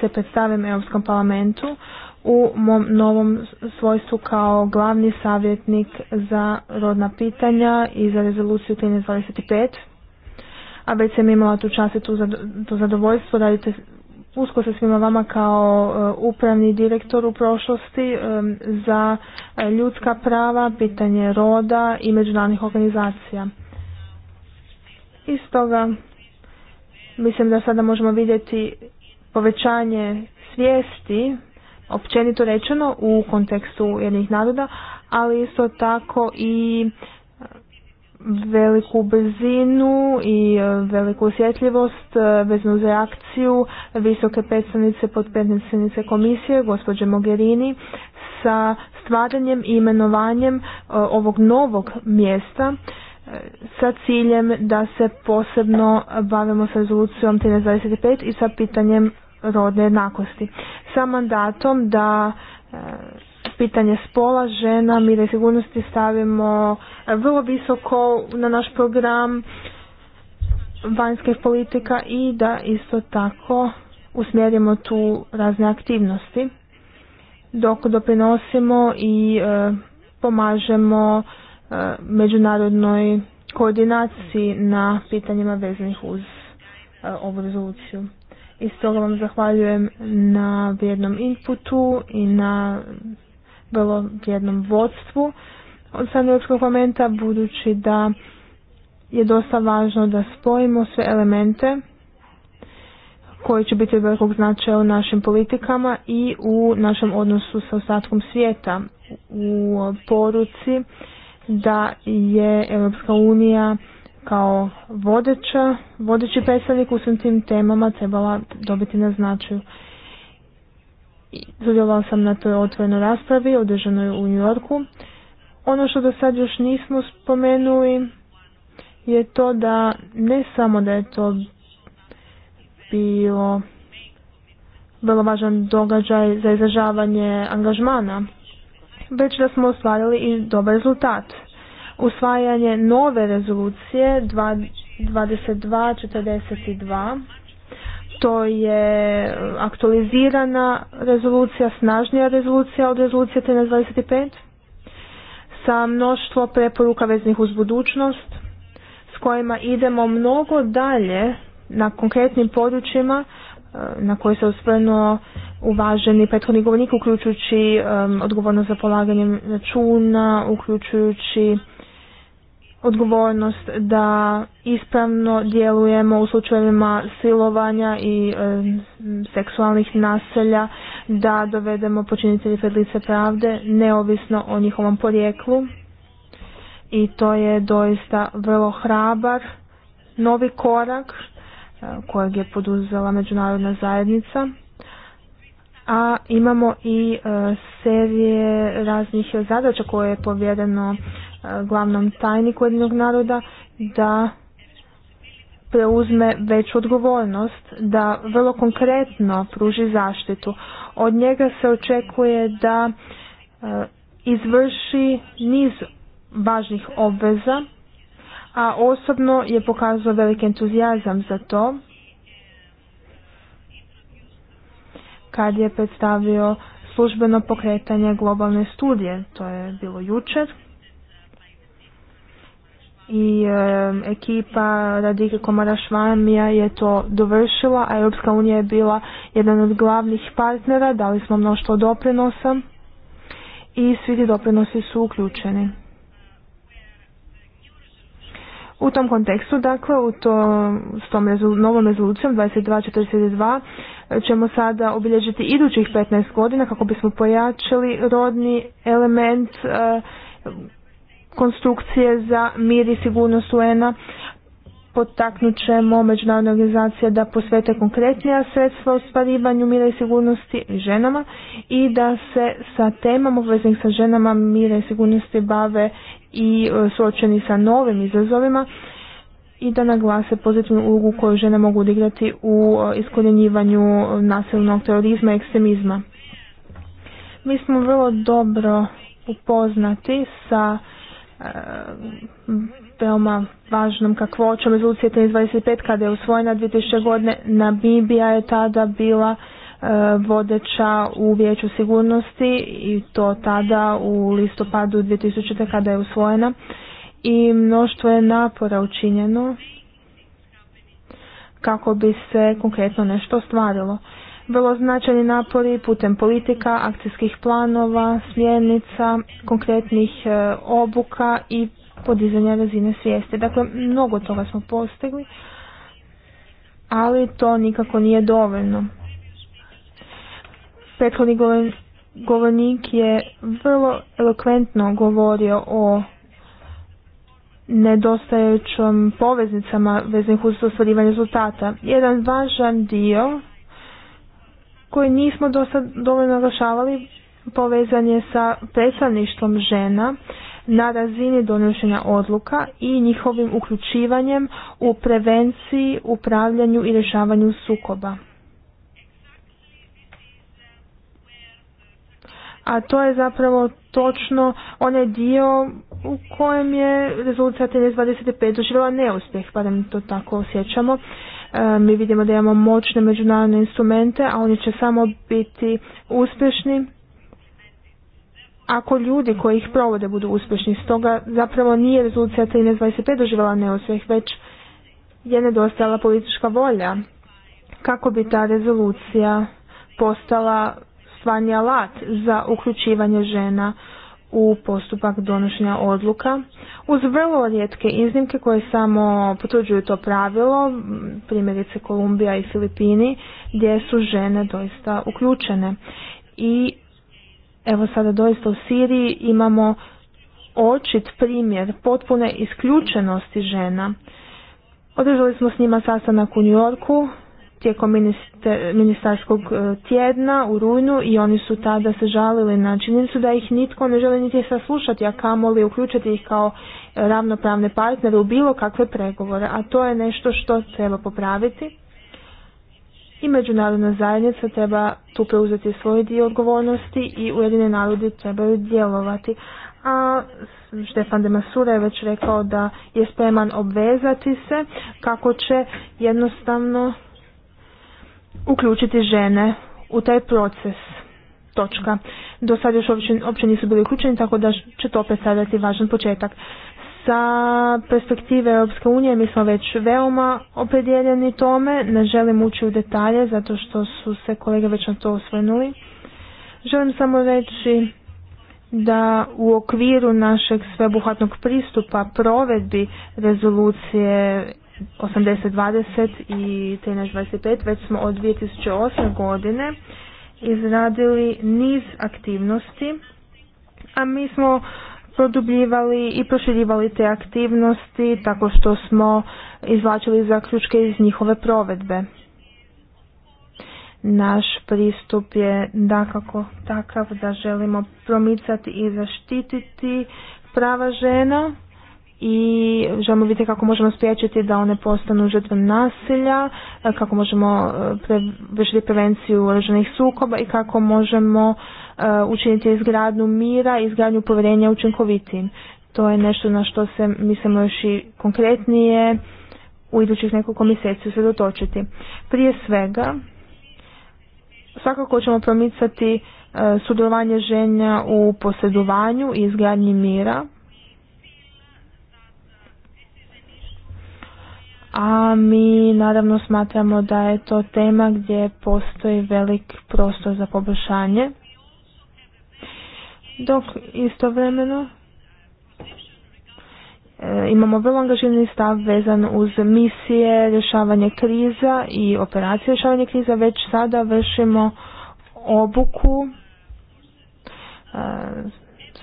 se predstavim Europskom parlamentu u mom novom svojstvu kao glavni savjetnik za rodna pitanja i za rezoluciju 1325. A već sam imala tu čast i tu zadovoljstvo raditi usko se svima vama kao e, upravni direktor u prošlosti e, za ljudska prava, pitanje roda i međunarodnih organizacija. Iz toga mislim da sada možemo vidjeti povećanje svijesti, općenito rečeno u kontekstu jednih naroda, ali isto tako i veliku brzinu i e, veliku osjetljivost e, vezno za reakciju visoke predstavnice predstavnice komisije gospođe Mogherini sa stvaranjem i imenovanjem e, ovog novog mjesta sa ciljem da se posebno bavimo sa rezolucijom 1325 i sa pitanjem rodne jednakosti. Sa mandatom da pitanje spola žena, mira i sigurnosti stavimo e, vrlo visoko na naš program vanjskih politika i da isto tako usmjerimo tu razne aktivnosti dok doprinosimo i e, pomažemo e, međunarodnoj koordinaciji na pitanjima vezanih uz e, ovu rezoluciju. I stoga vam zahvaljujem na vrijednom inputu i na vrlo jednom vodstvu od strane Europskog parlamenta, budući da je dosta važno da spojimo sve elemente koji će biti velikog značaja u našim politikama i u našem odnosu sa ostatkom svijeta u poruci da je Europska unija kao vodeća, vodeći predstavnik u svim tim temama trebala dobiti na značaju sudjelovao sam na toj otvorenoj raspravi održanoj u New Yorku. Ono što do sad još nismo spomenuli je to da ne samo da je to bio vrlo važan događaj za izražavanje angažmana, već da smo ostvarili i dobar rezultat. Usvajanje nove rezolucije 2242 to je aktualizirana rezolucija, snažnija rezolucija od rezolucije 1325 sa mnoštvo preporuka veznih uz budućnost s kojima idemo mnogo dalje na konkretnim područjima e, na koje se osvrnuo uvaženi prethodni govornik uključujući odgovorno e, odgovornost za polaganje računa, uključujući odgovornost da ispravno djelujemo u slučajevima silovanja i e, seksualnih naselja, da dovedemo počinitelji pred lice pravde neovisno o njihovom porijeklu. I to je doista vrlo hrabar novi korak e, kojeg je poduzela međunarodna zajednica. A imamo i e, serije raznih zadaća koje je povjereno glavnom tajniku jednog naroda da preuzme veću odgovornost, da vrlo konkretno pruži zaštitu. Od njega se očekuje da e, izvrši niz važnih obveza, a osobno je pokazao veliki entuzijazam za to kad je predstavio službeno pokretanje globalne studije, to je bilo jučer i ekipa Radike Komara Švamija je to dovršila, a Europska unija je bila jedan od glavnih partnera, dali smo mnoštvo doprinosa i svi ti doprinosi su uključeni. U tom kontekstu, dakle, u to, s tom rezol, novom rezolucijom 2242 ćemo sada obilježiti idućih 15 godina kako bismo pojačali rodni element eh, konstrukcije za mir i sigurnost UN-a potaknut ćemo međunarodne organizacije da posvete konkretnija sredstva u stvarivanju mira i sigurnosti ženama i da se sa temama uveznih sa ženama mira i sigurnosti bave i e, suočeni sa novim izazovima i da naglase pozitivnu ulogu koju žene mogu odigrati u e, iskorjenjivanju e, nasilnog terorizma i ekstremizma. Mi smo vrlo dobro upoznati sa E, veoma važnom kakvoćom rezolucije pet kada je usvojena 2000. godine Namibija je tada bila e, vodeća u vijeću sigurnosti i to tada u listopadu 2000. kada je usvojena i mnoštvo je napora učinjeno kako bi se konkretno nešto stvarilo vrlo značajni napori putem politika, akcijskih planova, smjernica, konkretnih e, obuka i podizanja razine svijesti. Dakle, mnogo toga smo postigli, ali to nikako nije dovoljno. Prethodni govornik je vrlo elokventno govorio o nedostajućom poveznicama veznih uz ostvarivanje rezultata. Jedan važan dio koji nismo do sad dovoljno naglašavali povezan je sa predstavništvom žena na razini donošenja odluka i njihovim uključivanjem u prevenciji, upravljanju i rješavanju sukoba. A to je zapravo točno onaj dio u kojem je rezolucija 1325 doživjela neuspjeh, pa da to tako osjećamo. E, mi vidimo da imamo moćne međunarodne instrumente, a oni će samo biti uspješni ako ljudi koji ih provode budu uspješni. Stoga zapravo nije rezolucija 1325 doživjela neuspjeh, već je nedostajala politička volja kako bi ta rezolucija postala stvarni alat za uključivanje žena u postupak donošenja odluka uz vrlo rijetke iznimke koje samo potvrđuju to pravilo, primjerice Kolumbija i Filipini, gdje su žene doista uključene. I evo sada doista u Siriji imamo očit primjer potpune isključenosti žena. Održali smo s njima sastanak u New Yorku tijekom ministarskog e, tjedna u rujnu i oni su tada se žalili na činjenicu da ih nitko ne želi niti saslušati, a kamoli uključiti ih kao e, ravnopravne partnere u bilo kakve pregovore, a to je nešto što treba popraviti. I međunarodna zajednica treba tu preuzeti svoj dio odgovornosti i ujedine narodi trebaju djelovati. A Štefan de Masura je već rekao da je spreman obvezati se kako će jednostavno uključiti žene u taj proces. Točka. Do sad još uopće, nisu bili uključeni, tako da će to predstavljati važan početak. Sa perspektive Europske unije mi smo već veoma opredjeljeni tome, ne želim ući u detalje zato što su se kolege već na to osvrnuli. Želim samo reći da u okviru našeg sveobuhvatnog pristupa provedbi rezolucije 80-20 i 13-25, već smo od 2008. godine izradili niz aktivnosti, a mi smo produbljivali i proširivali te aktivnosti tako što smo izvlačili zaključke iz njihove provedbe. Naš pristup je dakako takav da želimo promicati i zaštititi prava žena i želimo vidjeti kako možemo spriječiti da one postanu žrtve nasilja, e, kako možemo e, vršiti prevenciju određenih sukoba i kako možemo e, učiniti izgradnju mira i izgradnju povjerenja učinkovitim. To je nešto na što se mislimo još i konkretnije u idućih nekoliko mjeseci usredotočiti. Prije svega, svakako ćemo promicati sudjelovanje ženja u posjedovanju i izgradnji mira a mi naravno smatramo da je to tema gdje postoji velik prostor za poboljšanje. Dok istovremeno e, imamo vrlo angažirani stav vezan uz misije rješavanje kriza i operacije rješavanje kriza, već sada vršimo obuku e,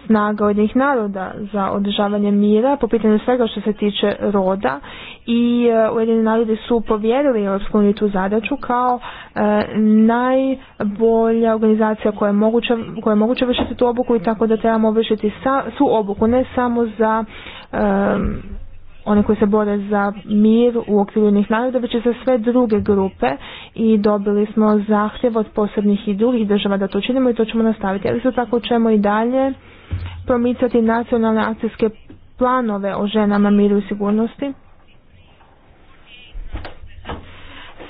snaga Ujedinih naroda za održavanje mira po pitanju svega što se tiče roda i e, Ujedini narodi su povjerili Europsku uniju tu zadaću kao e, najbolja organizacija koja je moguća, koja je moguća vršiti tu obuku i tako da trebamo vršiti sa, su obuku ne samo za e, one koji se bore za mir u okviru naroda, već i za sve druge grupe i dobili smo zahtjev od posebnih i drugih država da to činimo i to ćemo nastaviti. Ali isto tako ćemo i dalje promicati nacionalne akcijske planove o ženama miru i sigurnosti.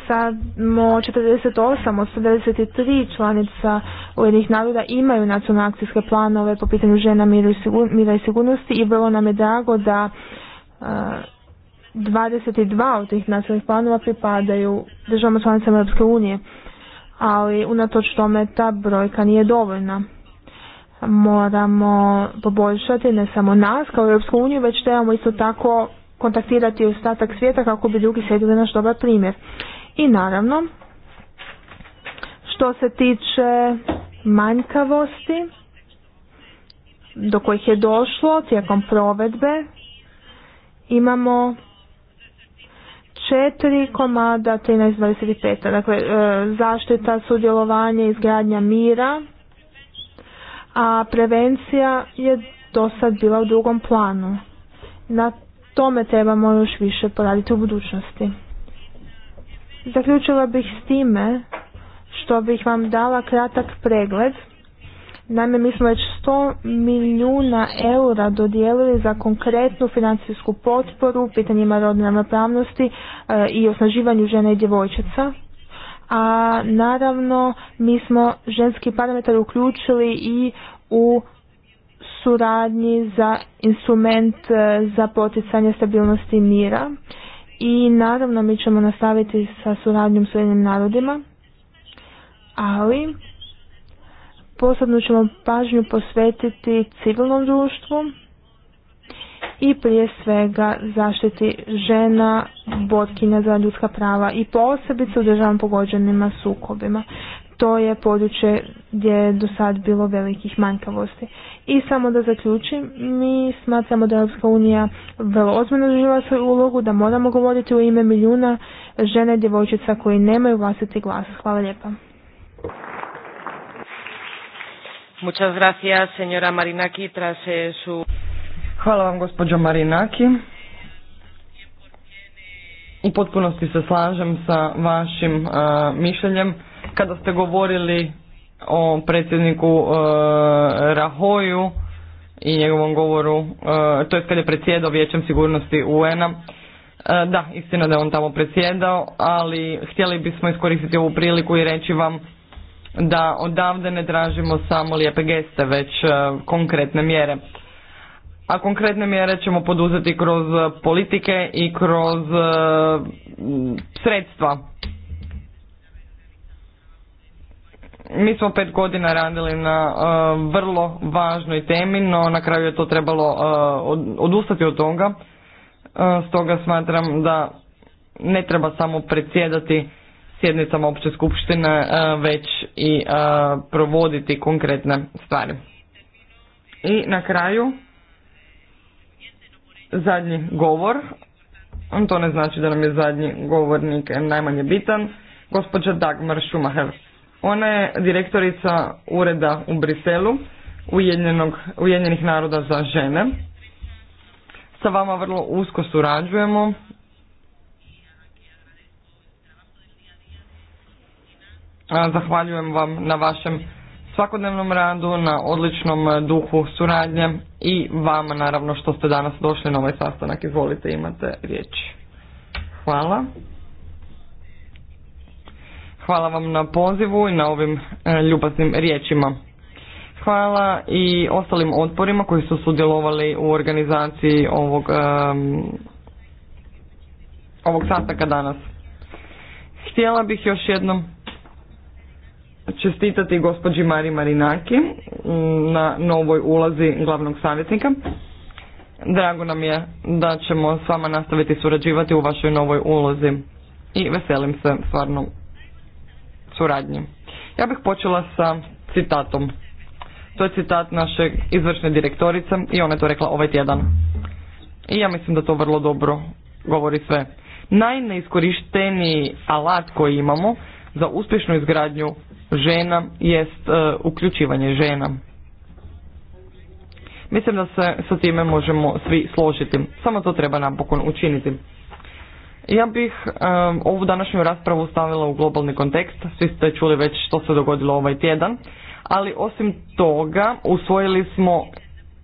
Samo 48 od 193 članica ujednih naroda imaju nacionalne akcijske planove po pitanju žena mira i sigurnosti i vrlo nam je drago da eh, dvadeset 22 od tih nacionalnih planova pripadaju državama članicama Europske unije, ali unatoč tome ta brojka nije dovoljna moramo poboljšati ne samo nas kao Europsku uniju, već trebamo isto tako kontaktirati ostatak svijeta kako bi drugi slijedili naš dobar primjer. I naravno, što se tiče manjkavosti do kojih je došlo tijekom provedbe, imamo četiri komada 13.25. Dakle, e, zaštita, sudjelovanje, izgradnja mira, a prevencija je do sad bila u drugom planu. Na tome trebamo još više poraditi u budućnosti. Zaključila bih s time što bih vam dala kratak pregled. Naime, mi smo već 100 milijuna eura dodijelili za konkretnu financijsku potporu pitanjima rodne ravnopravnosti e, i osnaživanju žene i djevojčica a naravno mi smo ženski parametar uključili i u suradnji za instrument e, za poticanje stabilnosti mira i naravno mi ćemo nastaviti sa suradnjom s jednim narodima, ali posebno ćemo pažnju posvetiti civilnom društvu i prije svega zaštiti žena, botkinja za ljudska prava i posebice u državom pogođenima sukobima. To je područje gdje je do sad bilo velikih manjkavosti. I samo da zaključim, mi smatramo da Europska unija vrlo ozbiljno doživa svoju ulogu, da moramo govoriti u ime milijuna žene i djevojčica koji nemaju vlastiti glas. Hvala lijepa. Muchas gracias, señora eh, su... Hvala vam gospođo Marinaki. U potpunosti se slažem sa vašim mišljenjem. Kada ste govorili o predsjedniku Rahoju i njegovom govoru, to je kad je predsjedao Vijećem sigurnosti UN-a, da, istina da je on tamo predsjedao, ali htjeli bismo iskoristiti ovu priliku i reći vam da odavde ne tražimo samo lijepe geste, već konkretne mjere a konkretne mjere ćemo poduzeti kroz eh, politike i kroz eh, sredstva. Mi smo pet godina radili na eh, vrlo važnoj temi, no na kraju je to trebalo odustati od toga. Stoga smatram da ne treba samo predsjedati sjednicama opće skupštine, već i provoditi konkretne stvari. I na kraju zadnji govor. To ne znači da nam je zadnji govornik najmanje bitan. Gospođa Dagmar Schumacher. Ona je direktorica ureda u Briselu Ujedinjenih naroda za žene. Sa vama vrlo usko surađujemo. Zahvaljujem vam na vašem svakodnevnom radu, na odličnom e, duhu suradnje i vama naravno što ste danas došli na ovaj sastanak. Izvolite, imate riječ. Hvala. Hvala vam na pozivu i na ovim e, ljubaznim riječima. Hvala i ostalim otporima koji su sudjelovali u organizaciji ovog, e, ovog sastanka danas. Htjela bih još jednom čestitati gospođi Mari Marinaki na novoj ulazi glavnog savjetnika. Drago nam je da ćemo s vama nastaviti surađivati u vašoj novoj ulozi i veselim se stvarno suradnji. Ja bih počela sa citatom. To je citat naše izvršne direktorice i ona je to rekla ovaj tjedan. I ja mislim da to vrlo dobro govori sve. Najneiskorišteniji alat koji imamo za uspješnu izgradnju žena jest e, uključivanje žena. Mislim da se sa time možemo svi složiti. Samo to treba napokon učiniti. Ja bih e, ovu današnju raspravu stavila u globalni kontekst. Svi ste čuli već što se dogodilo ovaj tjedan. Ali osim toga usvojili smo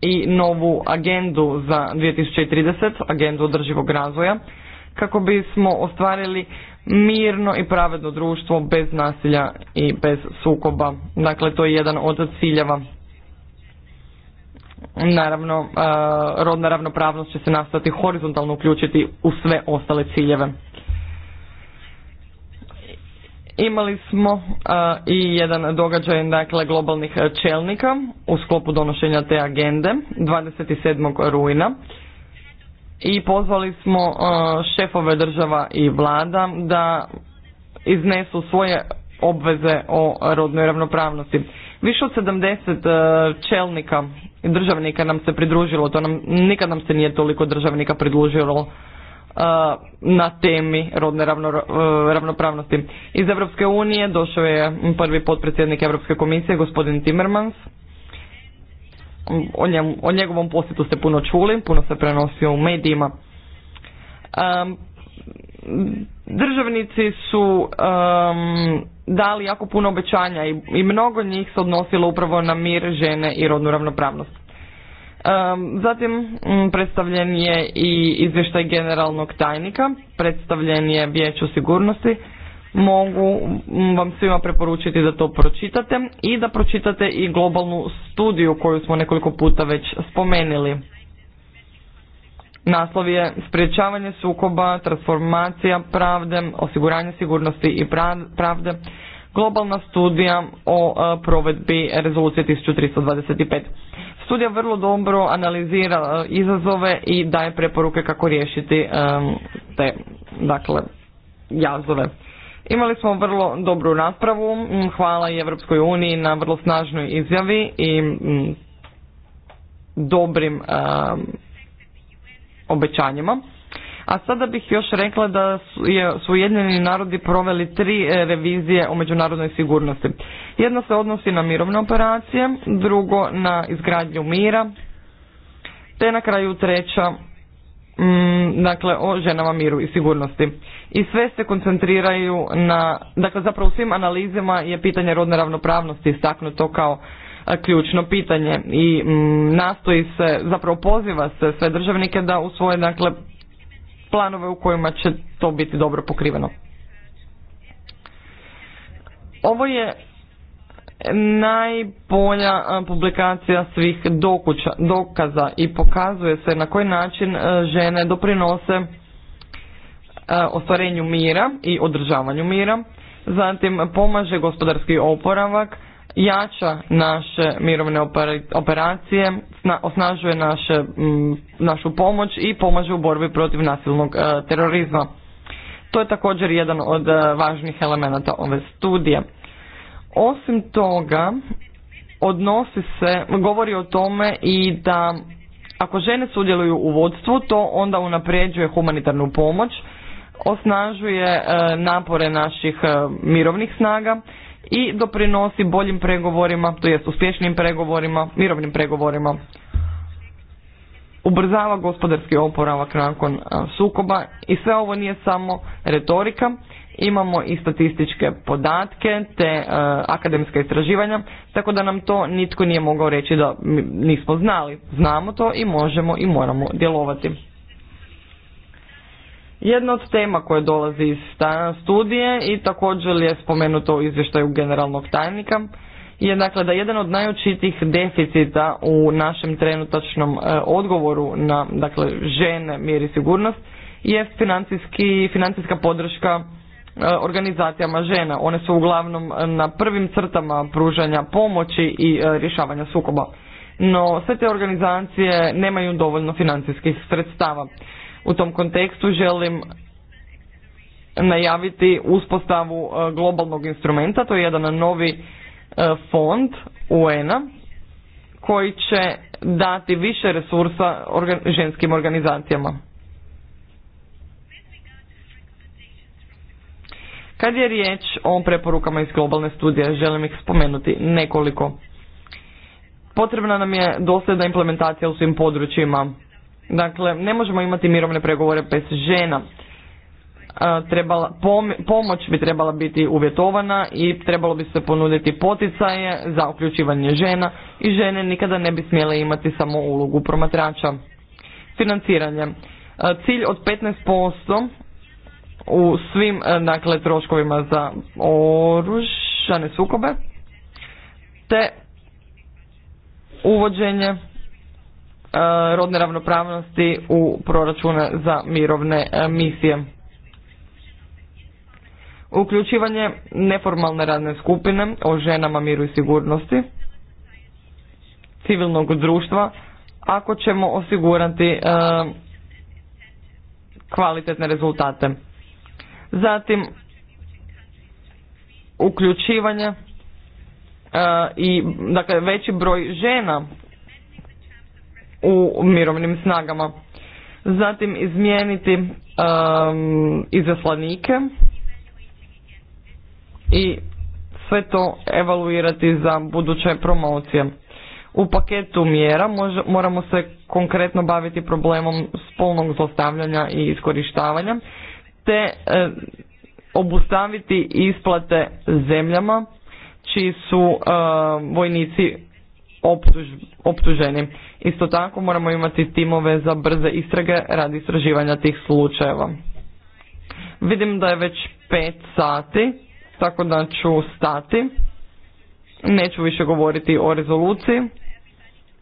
i novu agendu za 2030, agendu održivog razvoja, kako bismo ostvarili mirno i pravedno društvo bez nasilja i bez sukoba. Dakle, to je jedan od ciljeva. Naravno, e, rodna ravnopravnost će se nastati horizontalno uključiti u sve ostale ciljeve. Imali smo e, i jedan događaj dakle, globalnih čelnika u sklopu donošenja te agende 27. rujna i pozvali smo uh, šefove država i vlada da iznesu svoje obveze o rodnoj ravnopravnosti. Više od 70 uh, čelnika državnika nam se pridružilo, to nam nikad nam se nije toliko državnika pridružilo uh, na temi rodne ravnopravnosti. Iz Europske unije došao je prvi potpredsjednik Europske komisije, gospodin Timmermans, o, njegovom posjetu ste puno čuli, puno se prenosio u medijima. Um, državnici su um, dali jako puno obećanja i, i mnogo njih se odnosilo upravo na mir žene i rodnu ravnopravnost. Um, zatim predstavljen je i izvještaj generalnog tajnika, predstavljen je vijeću sigurnosti mogu vam svima preporučiti da to pročitate i da pročitate i globalnu studiju koju smo nekoliko puta već spomenuli. Naslov je Spriječavanje sukoba, transformacija pravde, osiguranje sigurnosti i pravde, globalna studija o e, provedbi rezolucije 1325. Studija vrlo dobro analizira e, izazove i daje preporuke kako riješiti e, te dakle, jazove. Imali smo vrlo dobru raspravu, mm, hvala i Europskoj uniji na vrlo snažnoj izjavi i mm, dobrim obećanjima. A sada bih još rekla da su Ujedinjeni narodi proveli tri e, revizije o međunarodnoj sigurnosti. Jedna se odnosi na mirovne operacije, drugo na izgradnju mira, te na kraju treća mm, dakle o ženama miru i sigurnosti. I sve se koncentriraju na, dakle zapravo u svim analizama je pitanje rodne ravnopravnosti istaknuto kao ključno pitanje i mm, nastoji se, zapravo poziva se sve državnike da usvoje dakle planove u kojima će to biti dobro pokriveno. Ovo je najbolja publikacija svih dokuća, dokaza i pokazuje se na koji način žene doprinose ostvarenju mira i održavanju mira, zatim pomaže gospodarski oporavak, jača naše mirovne operacije, osnažuje naše, našu pomoć i pomaže u borbi protiv nasilnog terorizma. To je također jedan od važnih elemenata ove studije. Osim toga, odnosi se, govori o tome i da ako žene sudjeluju u vodstvu, to onda unapređuje humanitarnu pomoć, osnažuje e, napore naših e, mirovnih snaga i doprinosi boljim pregovorima, to jest uspješnim pregovorima, mirovnim pregovorima. Ubrzava gospodarski oporavak nakon e, sukoba i sve ovo nije samo retorika, imamo i statističke podatke te e, akademska istraživanja, tako da nam to nitko nije mogao reći da nismo znali. Znamo to i možemo i moramo djelovati. Jedna od tema koje dolazi iz studije i također je spomenuto u izvještaju generalnog tajnika je dakle da jedan od najočitijih deficita u našem trenutačnom e, odgovoru na dakle žene mjeri sigurnost je financijski, financijska podrška E, organizacijama žena. One su uglavnom e, na prvim crtama pružanja pomoći i e, rješavanja sukoba. No, sve te organizacije nemaju dovoljno financijskih sredstava. U tom kontekstu želim najaviti uspostavu globalnog instrumenta, to je jedan novi fond un koji će dati više resursa ženskim organizacijama. Kad je riječ o preporukama iz globalne studije, želim ih spomenuti nekoliko. Potrebna nam je dosljedna implementacija u svim područjima. Dakle, ne možemo imati mirovne pregovore bez žena. E, trebala, pomoć bi trebala biti uvjetovana i trebalo bi se ponuditi poticaje za uključivanje žena i žene nikada ne bi smjele imati samo ulogu promatrača. Financiranje. E, cilj od 15% u svim e, dakle, troškovima za oružane sukobe te uvođenje e, rodne ravnopravnosti u proračune za mirovne e, misije. Uključivanje neformalne radne skupine o ženama, miru i sigurnosti, civilnog društva, ako ćemo osigurati kvalitetne rezultate. Zatim, uključivanje e, i dakle, veći broj žena u mirovnim snagama. Zatim izmijeniti um, izaslanike i sve to evaluirati za buduće promocije. U paketu mjera moramo se konkretno baviti problemom spolnog zlostavljanja i iskorištavanja te e, obustaviti isplate zemljama čiji su e, vojnici optuženi. Isto tako moramo imati timove za brze istrage radi istraživanja tih slučajeva. Vidim da je već pet sati, tako da ću stati. Neću više govoriti o rezoluciji,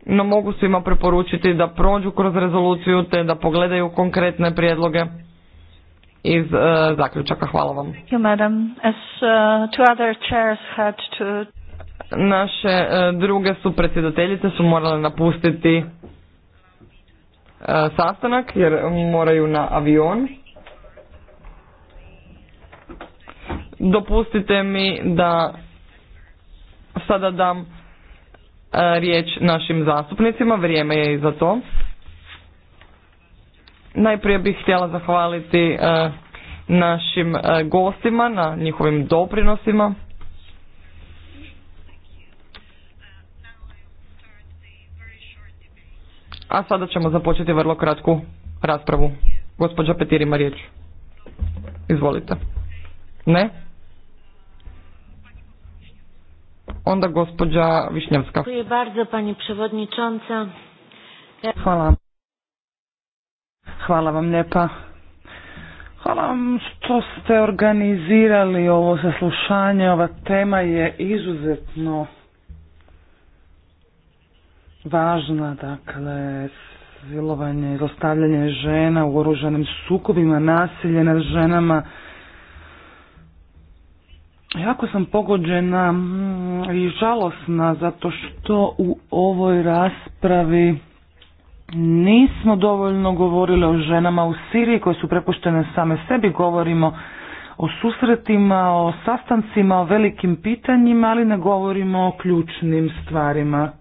no mogu svima preporučiti da prođu kroz rezoluciju te da pogledaju konkretne prijedloge iz e, zaključaka. Hvala vam. Naše druge su predsjedateljice su morale napustiti e, sastanak jer moraju na avion. Dopustite mi da sada dam e, riječ našim zastupnicima, vrijeme je i za to. Najprije bih htjela zahvaliti e, našim e, gostima na njihovim doprinosima. A sada ćemo započeti vrlo kratku raspravu. Gospođa Petir ima riječ. Izvolite. Ne? Onda gospođa Višnjevska. Hvala bardzo pani Hvala. Hvala vam lijepa. Hvala vam što ste organizirali ovo saslušanje. Ova tema je izuzetno važna, dakle, silovanje i zlostavljanje žena u oružanim sukobima, nasilje nad ženama. Jako sam pogođena mm, i žalosna zato što u ovoj raspravi Nismo dovoljno govorili o ženama u Siriji koje su prepuštene same sebi, govorimo o susretima, o sastancima, o velikim pitanjima, ali ne govorimo o ključnim stvarima.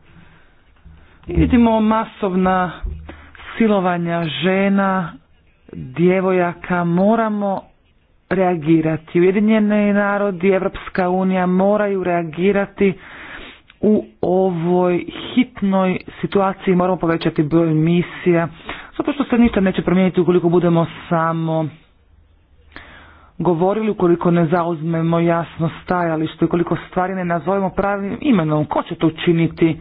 Vidimo masovna silovanja žena, djevojaka, moramo reagirati. Ujedinjeni narodi, Evropska unija moraju reagirati u ovoj hitnoj situaciji moramo povećati broj misija, zato što se ništa neće promijeniti ukoliko budemo samo govorili, ukoliko ne zauzmemo jasno stajalište, ukoliko stvari ne nazovemo pravim imenom. Ko će to učiniti? E,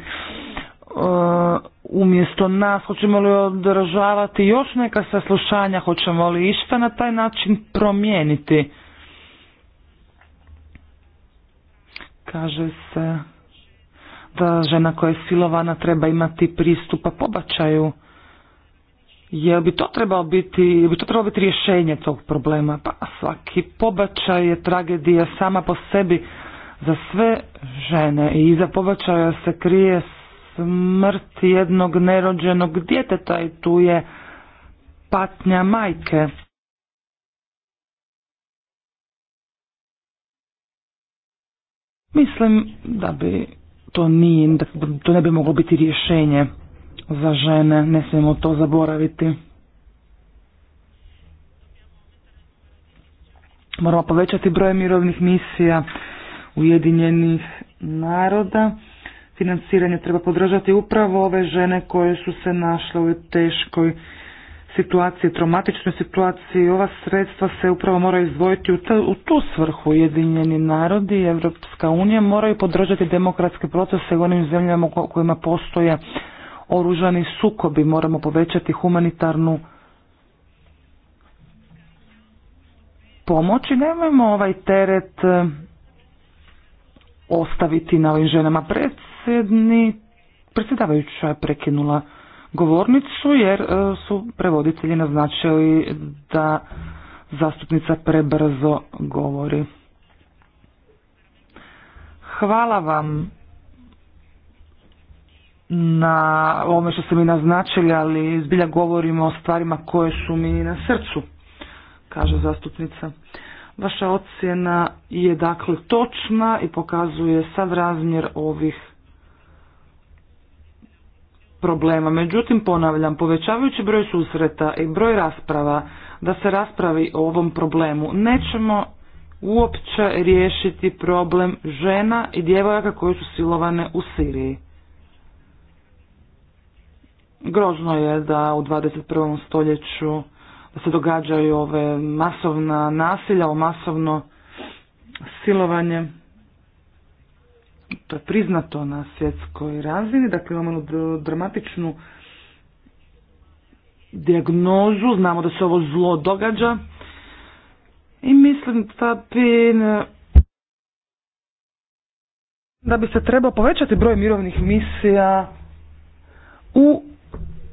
umjesto nas, hoćemo li održavati još neka saslušanja, hoćemo li išta na taj način promijeniti. Kaže se da žena koja je silovana treba imati pristupa pobačaju. Je bi to trebalo biti, bi to trebalo biti rješenje tog problema? Pa svaki pobačaj je tragedija sama po sebi za sve žene i iza pobačaja se krije smrt jednog nerođenog djeteta i tu je patnja majke. Mislim da bi to, nije, to ne bi moglo biti rješenje za žene, ne smijemo to zaboraviti. Moramo povećati broj mirovnih misija Ujedinjenih naroda. Financiranje treba podržati upravo ove žene koje su se našle u teškoj situacije, traumatičnoj situaciji, ova sredstva se upravo moraju izdvojiti u, tu svrhu. Jedinjeni narodi i Evropska unija moraju podržati demokratske procese u onim zemljama u kojima postoje oružani sukobi. Moramo povećati humanitarnu pomoć i nemojmo ovaj teret e, ostaviti na ovim ženama. Predsjedni, predsjedavajuća je prekinula govornicu jer e, su prevoditelji naznačili da zastupnica prebrzo govori. Hvala vam na ovome što ste mi naznačili, ali zbilja govorimo o stvarima koje su mi na srcu, kaže zastupnica. Vaša ocjena je dakle točna i pokazuje sav razmjer ovih problema. Međutim, ponavljam, povećavajući broj susreta i broj rasprava da se raspravi o ovom problemu, nećemo uopće riješiti problem žena i djevojaka koje su silovane u Siriji. Grožno je da u 21. stoljeću se događaju ove masovna nasilja, o masovno silovanje to je priznato na svjetskoj razini, dakle imamo dramatičnu dijagnozu, znamo da se ovo zlo događa i mislim da bi da bi se trebao povećati broj mirovnih misija u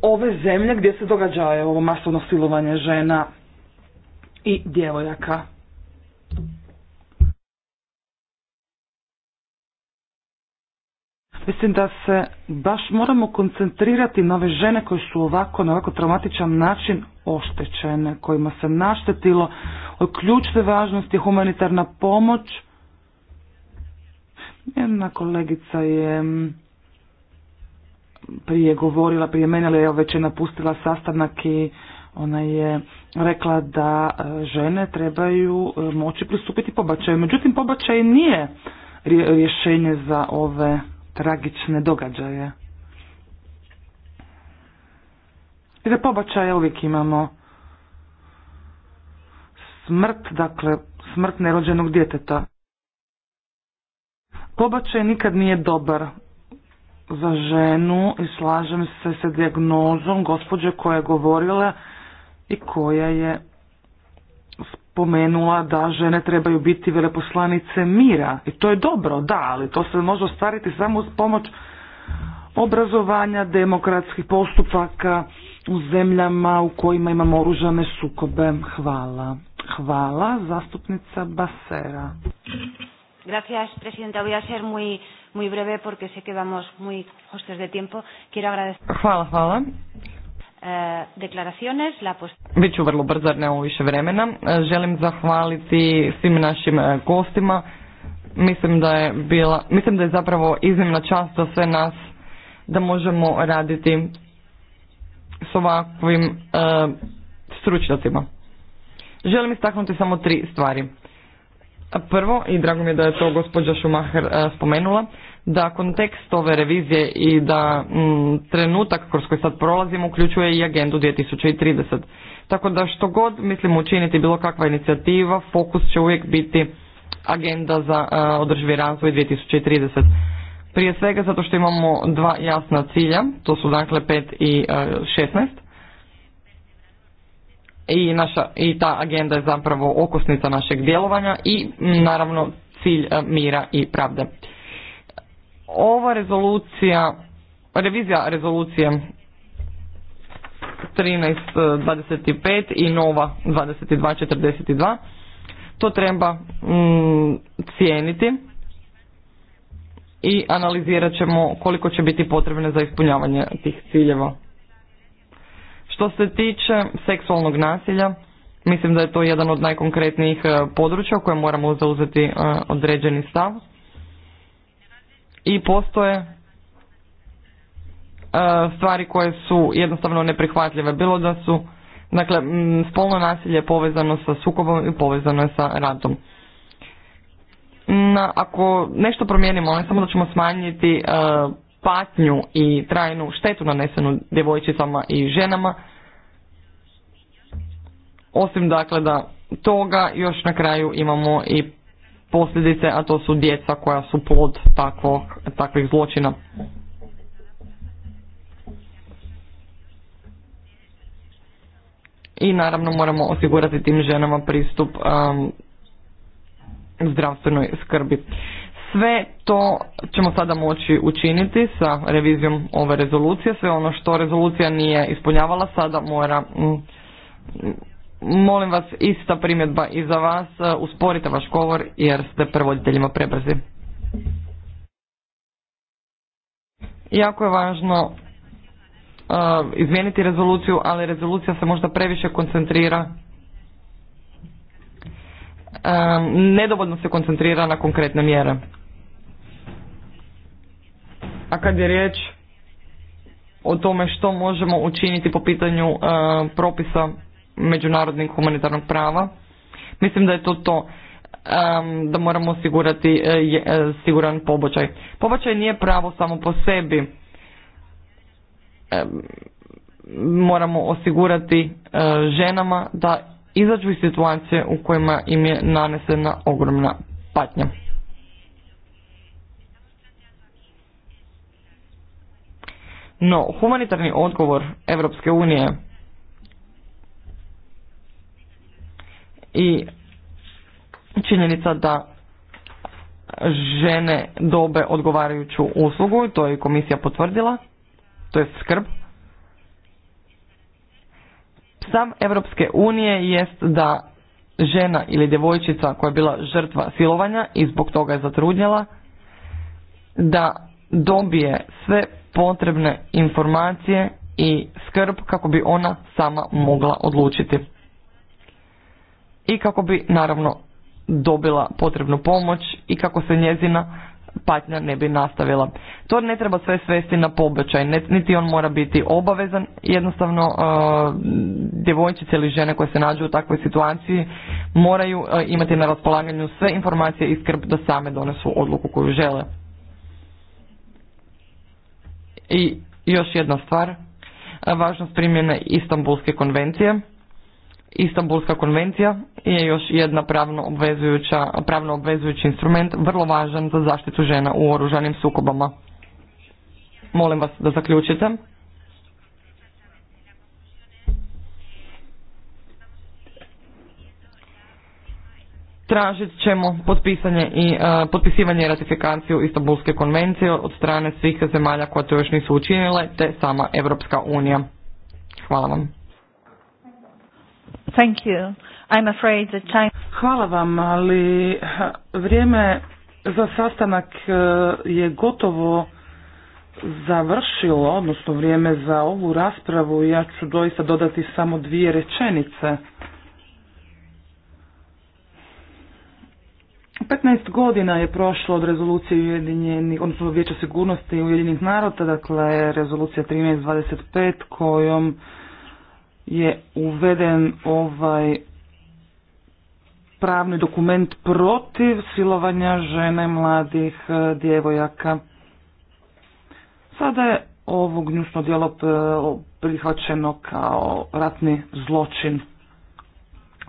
ove zemlje gdje se događa ovo masovno silovanje žena i djevojaka. Mislim da se baš moramo koncentrirati na ove žene koje su ovako, na ovako traumatičan način oštećene, kojima se naštetilo od ključne važnosti humanitarna pomoć. Jedna kolegica je prije govorila, prije mene, ali je već je napustila sastanak i ona je rekla da e, žene trebaju e, moći pristupiti pobačaju. Međutim, pobačaj nije rješenje za ove tragične događaje. I da pobačaje uvijek imamo smrt, dakle smrt nerođenog djeteta. Pobačaj nikad nije dobar za ženu i slažem se sa dijagnozom gospođe koja je govorila i koja je spomenula da žene trebaju biti veleposlanice mira i to je dobro, da, ali to se može ostvariti samo uz pomoć obrazovanja, demokratskih postupaka u zemljama u kojima imamo oružane sukobe. Hvala. Hvala, zastupnica Basera. Gracias, presidenta. Voy a ser muy, muy breve porque sé que vamos muy justos de tiempo. Quiero agradecer. Hvala, hvala. Eh, deklaraciones. La Bit ću vrlo brzo, ne više vremena. Eh, želim zahvaliti svim našim eh, gostima. Mislim da je bila, mislim da je zapravo iznimna čast za sve nas da možemo raditi s ovakvim stručnjacima. Želim istaknuti samo tri stvari. Prvo, i drago mi je da je to gospođa Šumacher spomenula, da kontekst ove revizije i da mm, trenutak kroz koji sad prolazimo uključuje i agendu 2030. Tako da što god mislimo učiniti bilo kakva inicijativa, fokus će uvijek biti agenda za e, održivi razvoj 2030. Prije svega zato što imamo dva jasna cilja, to su dakle 5 i 16. E, I, naša, I ta agenda je zapravo okosnica našeg djelovanja i naravno cilj e, mira i pravde. Ova rezolucija, revizija rezolucije 13.25 i nova 22.42, to treba mm, cijeniti i analizirat ćemo koliko će biti potrebno za ispunjavanje tih ciljeva. Što se tiče seksualnog nasilja, mislim da je to jedan od najkonkretnijih e, područja u kojem moramo zauzeti e, određeni stav i postoje e, stvari koje su jednostavno neprihvatljive. Bilo da su, dakle, spolno nasilje je povezano sa sukobom i povezano je sa ratom. Na, ako nešto promijenimo, ne samo da ćemo smanjiti e, patnju i trajnu štetu nanesenu djevojčicama i ženama, osim dakle da toga još na kraju imamo i posljedice, a to su djeca koja su plod takvog, takvih zločina. I naravno moramo osigurati tim ženama pristup um, zdravstvenoj skrbi. Sve to ćemo sada moći učiniti sa revizijom ove rezolucije. Sve ono što rezolucija nije ispunjavala sada mora mm, molim vas ista primjedba i za vas, e, usporite vaš govor jer ste prevoditeljima prebrzi. Jako je važno uh, izmijeniti rezoluciju, ali rezolucija se možda previše koncentrira. Um, nedovoljno se koncentrira na konkretne mjere. A kad je riječ o tome što možemo učiniti po pitanju propisa međunarodnog humanitarnog prava. Mislim da je to to da moramo osigurati e, e, siguran pobočaj pobočaj nije pravo samo po sebi. Moramo osigurati e, ženama da izađu iz situacije u kojima im je nanesena ogromna patnja. No, humanitarni odgovor Europske unije i činjenica da žene dobe odgovarajuću uslugu, to je komisija potvrdila, to je skrb. Sam Europske unije jest da žena ili djevojčica koja je bila žrtva silovanja i zbog toga je zatrudnjela, da dobije sve potrebne informacije i skrb kako bi ona sama mogla odlučiti i kako bi naravno dobila potrebnu pomoć i kako se njezina patnja ne bi nastavila. To ne treba sve svesti na pobačaj, niti on mora biti obavezan, jednostavno e, djevojčice ili žene koje se nađu u takvoj situaciji moraju e, imati na raspolaganju sve informacije i skrb da same donesu odluku koju žele. I još jedna stvar, važnost primjene Istanbulske konvencije Istanbulska konvencija je još jedna pravno, obvezujuća, pravno obvezujući instrument, vrlo važan za zaštitu žena u oružanim sukobama. Molim vas da zaključite. Tražit ćemo potpisanje i, uh, potpisivanje i ratifikaciju Istanbulske konvencije od strane svih zemalja koje to još nisu učinile, te sama Europska unija. Hvala vam. Thank Hvala vam, ali vrijeme za sastanak e, je gotovo završilo, odnosno vrijeme za ovu raspravu. Ja ću doista dodati samo dvije rečenice. 15 godina je prošlo od rezolucije Ujedinjenih, odnosno Vijeća sigurnosti Ujedinjenih naroda, dakle rezolucija 1325 kojom je uveden ovaj pravni dokument protiv silovanja žene, mladih e, djevojaka. Sada je ovo gnjušno djelo e, prihvaćeno kao ratni zločin.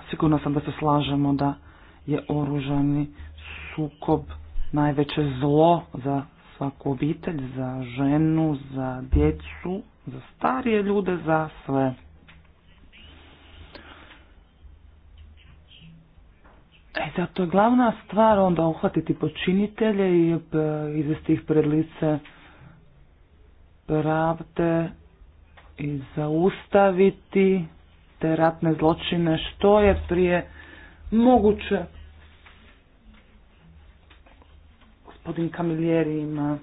Sigurno sam da se slažemo da je oružani sukob najveće zlo za svaku obitelj, za ženu, za djecu, za starije ljude, za sve. E, zato je glavna stvar onda uhvatiti počinitelje i e, izvesti ih pred lice pravde i zaustaviti te ratne zločine što je prije moguće. Gospodin Kamiljeri ima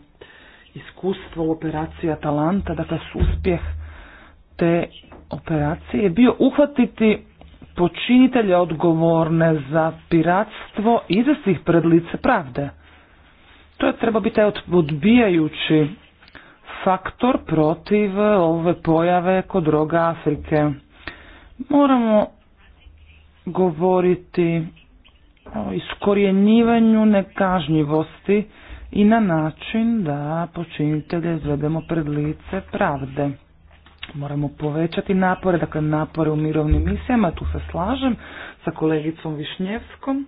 iskustvo u operaciji Atalanta, dakle uspjeh te operacije je bio uhvatiti počinitelje odgovorne za piratstvo i za svih pred lice pravde. To je treba biti odbijajući faktor protiv ove pojave kod droga Afrike. Moramo govoriti o iskorjenjivanju nekažnjivosti i na način da počinitelje izvedemo pred lice pravde. Moramo povećati napore, dakle napore u mirovnim misijama, tu se slažem sa kolegicom Višnjevskom.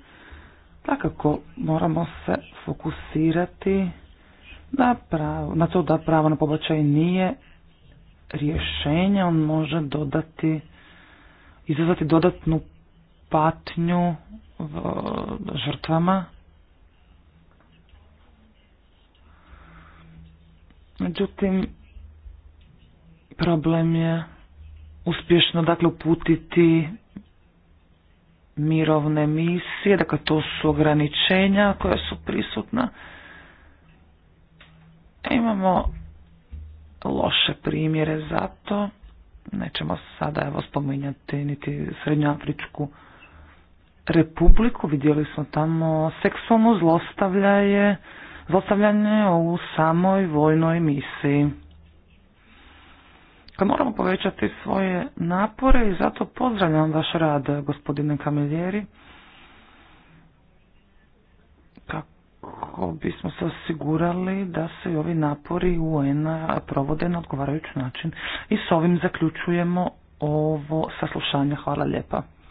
Takako moramo se fokusirati na, pravo, na to da pravo na pobačaj nije rješenje, on može dodati, izazvati dodatnu patnju žrtvama. Međutim, Problem je uspješno dakle uputiti mirovne misije, dakle to su ograničenja koja su prisutna. E, imamo loše primjere za to. Nećemo sada evo spominjati niti Srednjoafričku republiku. Vidjeli smo tamo seksualno zlostavljanje, zlostavljanje u samoj vojnoj misiji. Kad moramo povećati svoje napore i zato pozdravljam vaš rad, gospodine Kamiljeri, kako bismo se osigurali da se ovi napori UN-a provode na odgovarajući način. I s ovim zaključujemo ovo saslušanje. Hvala lijepa.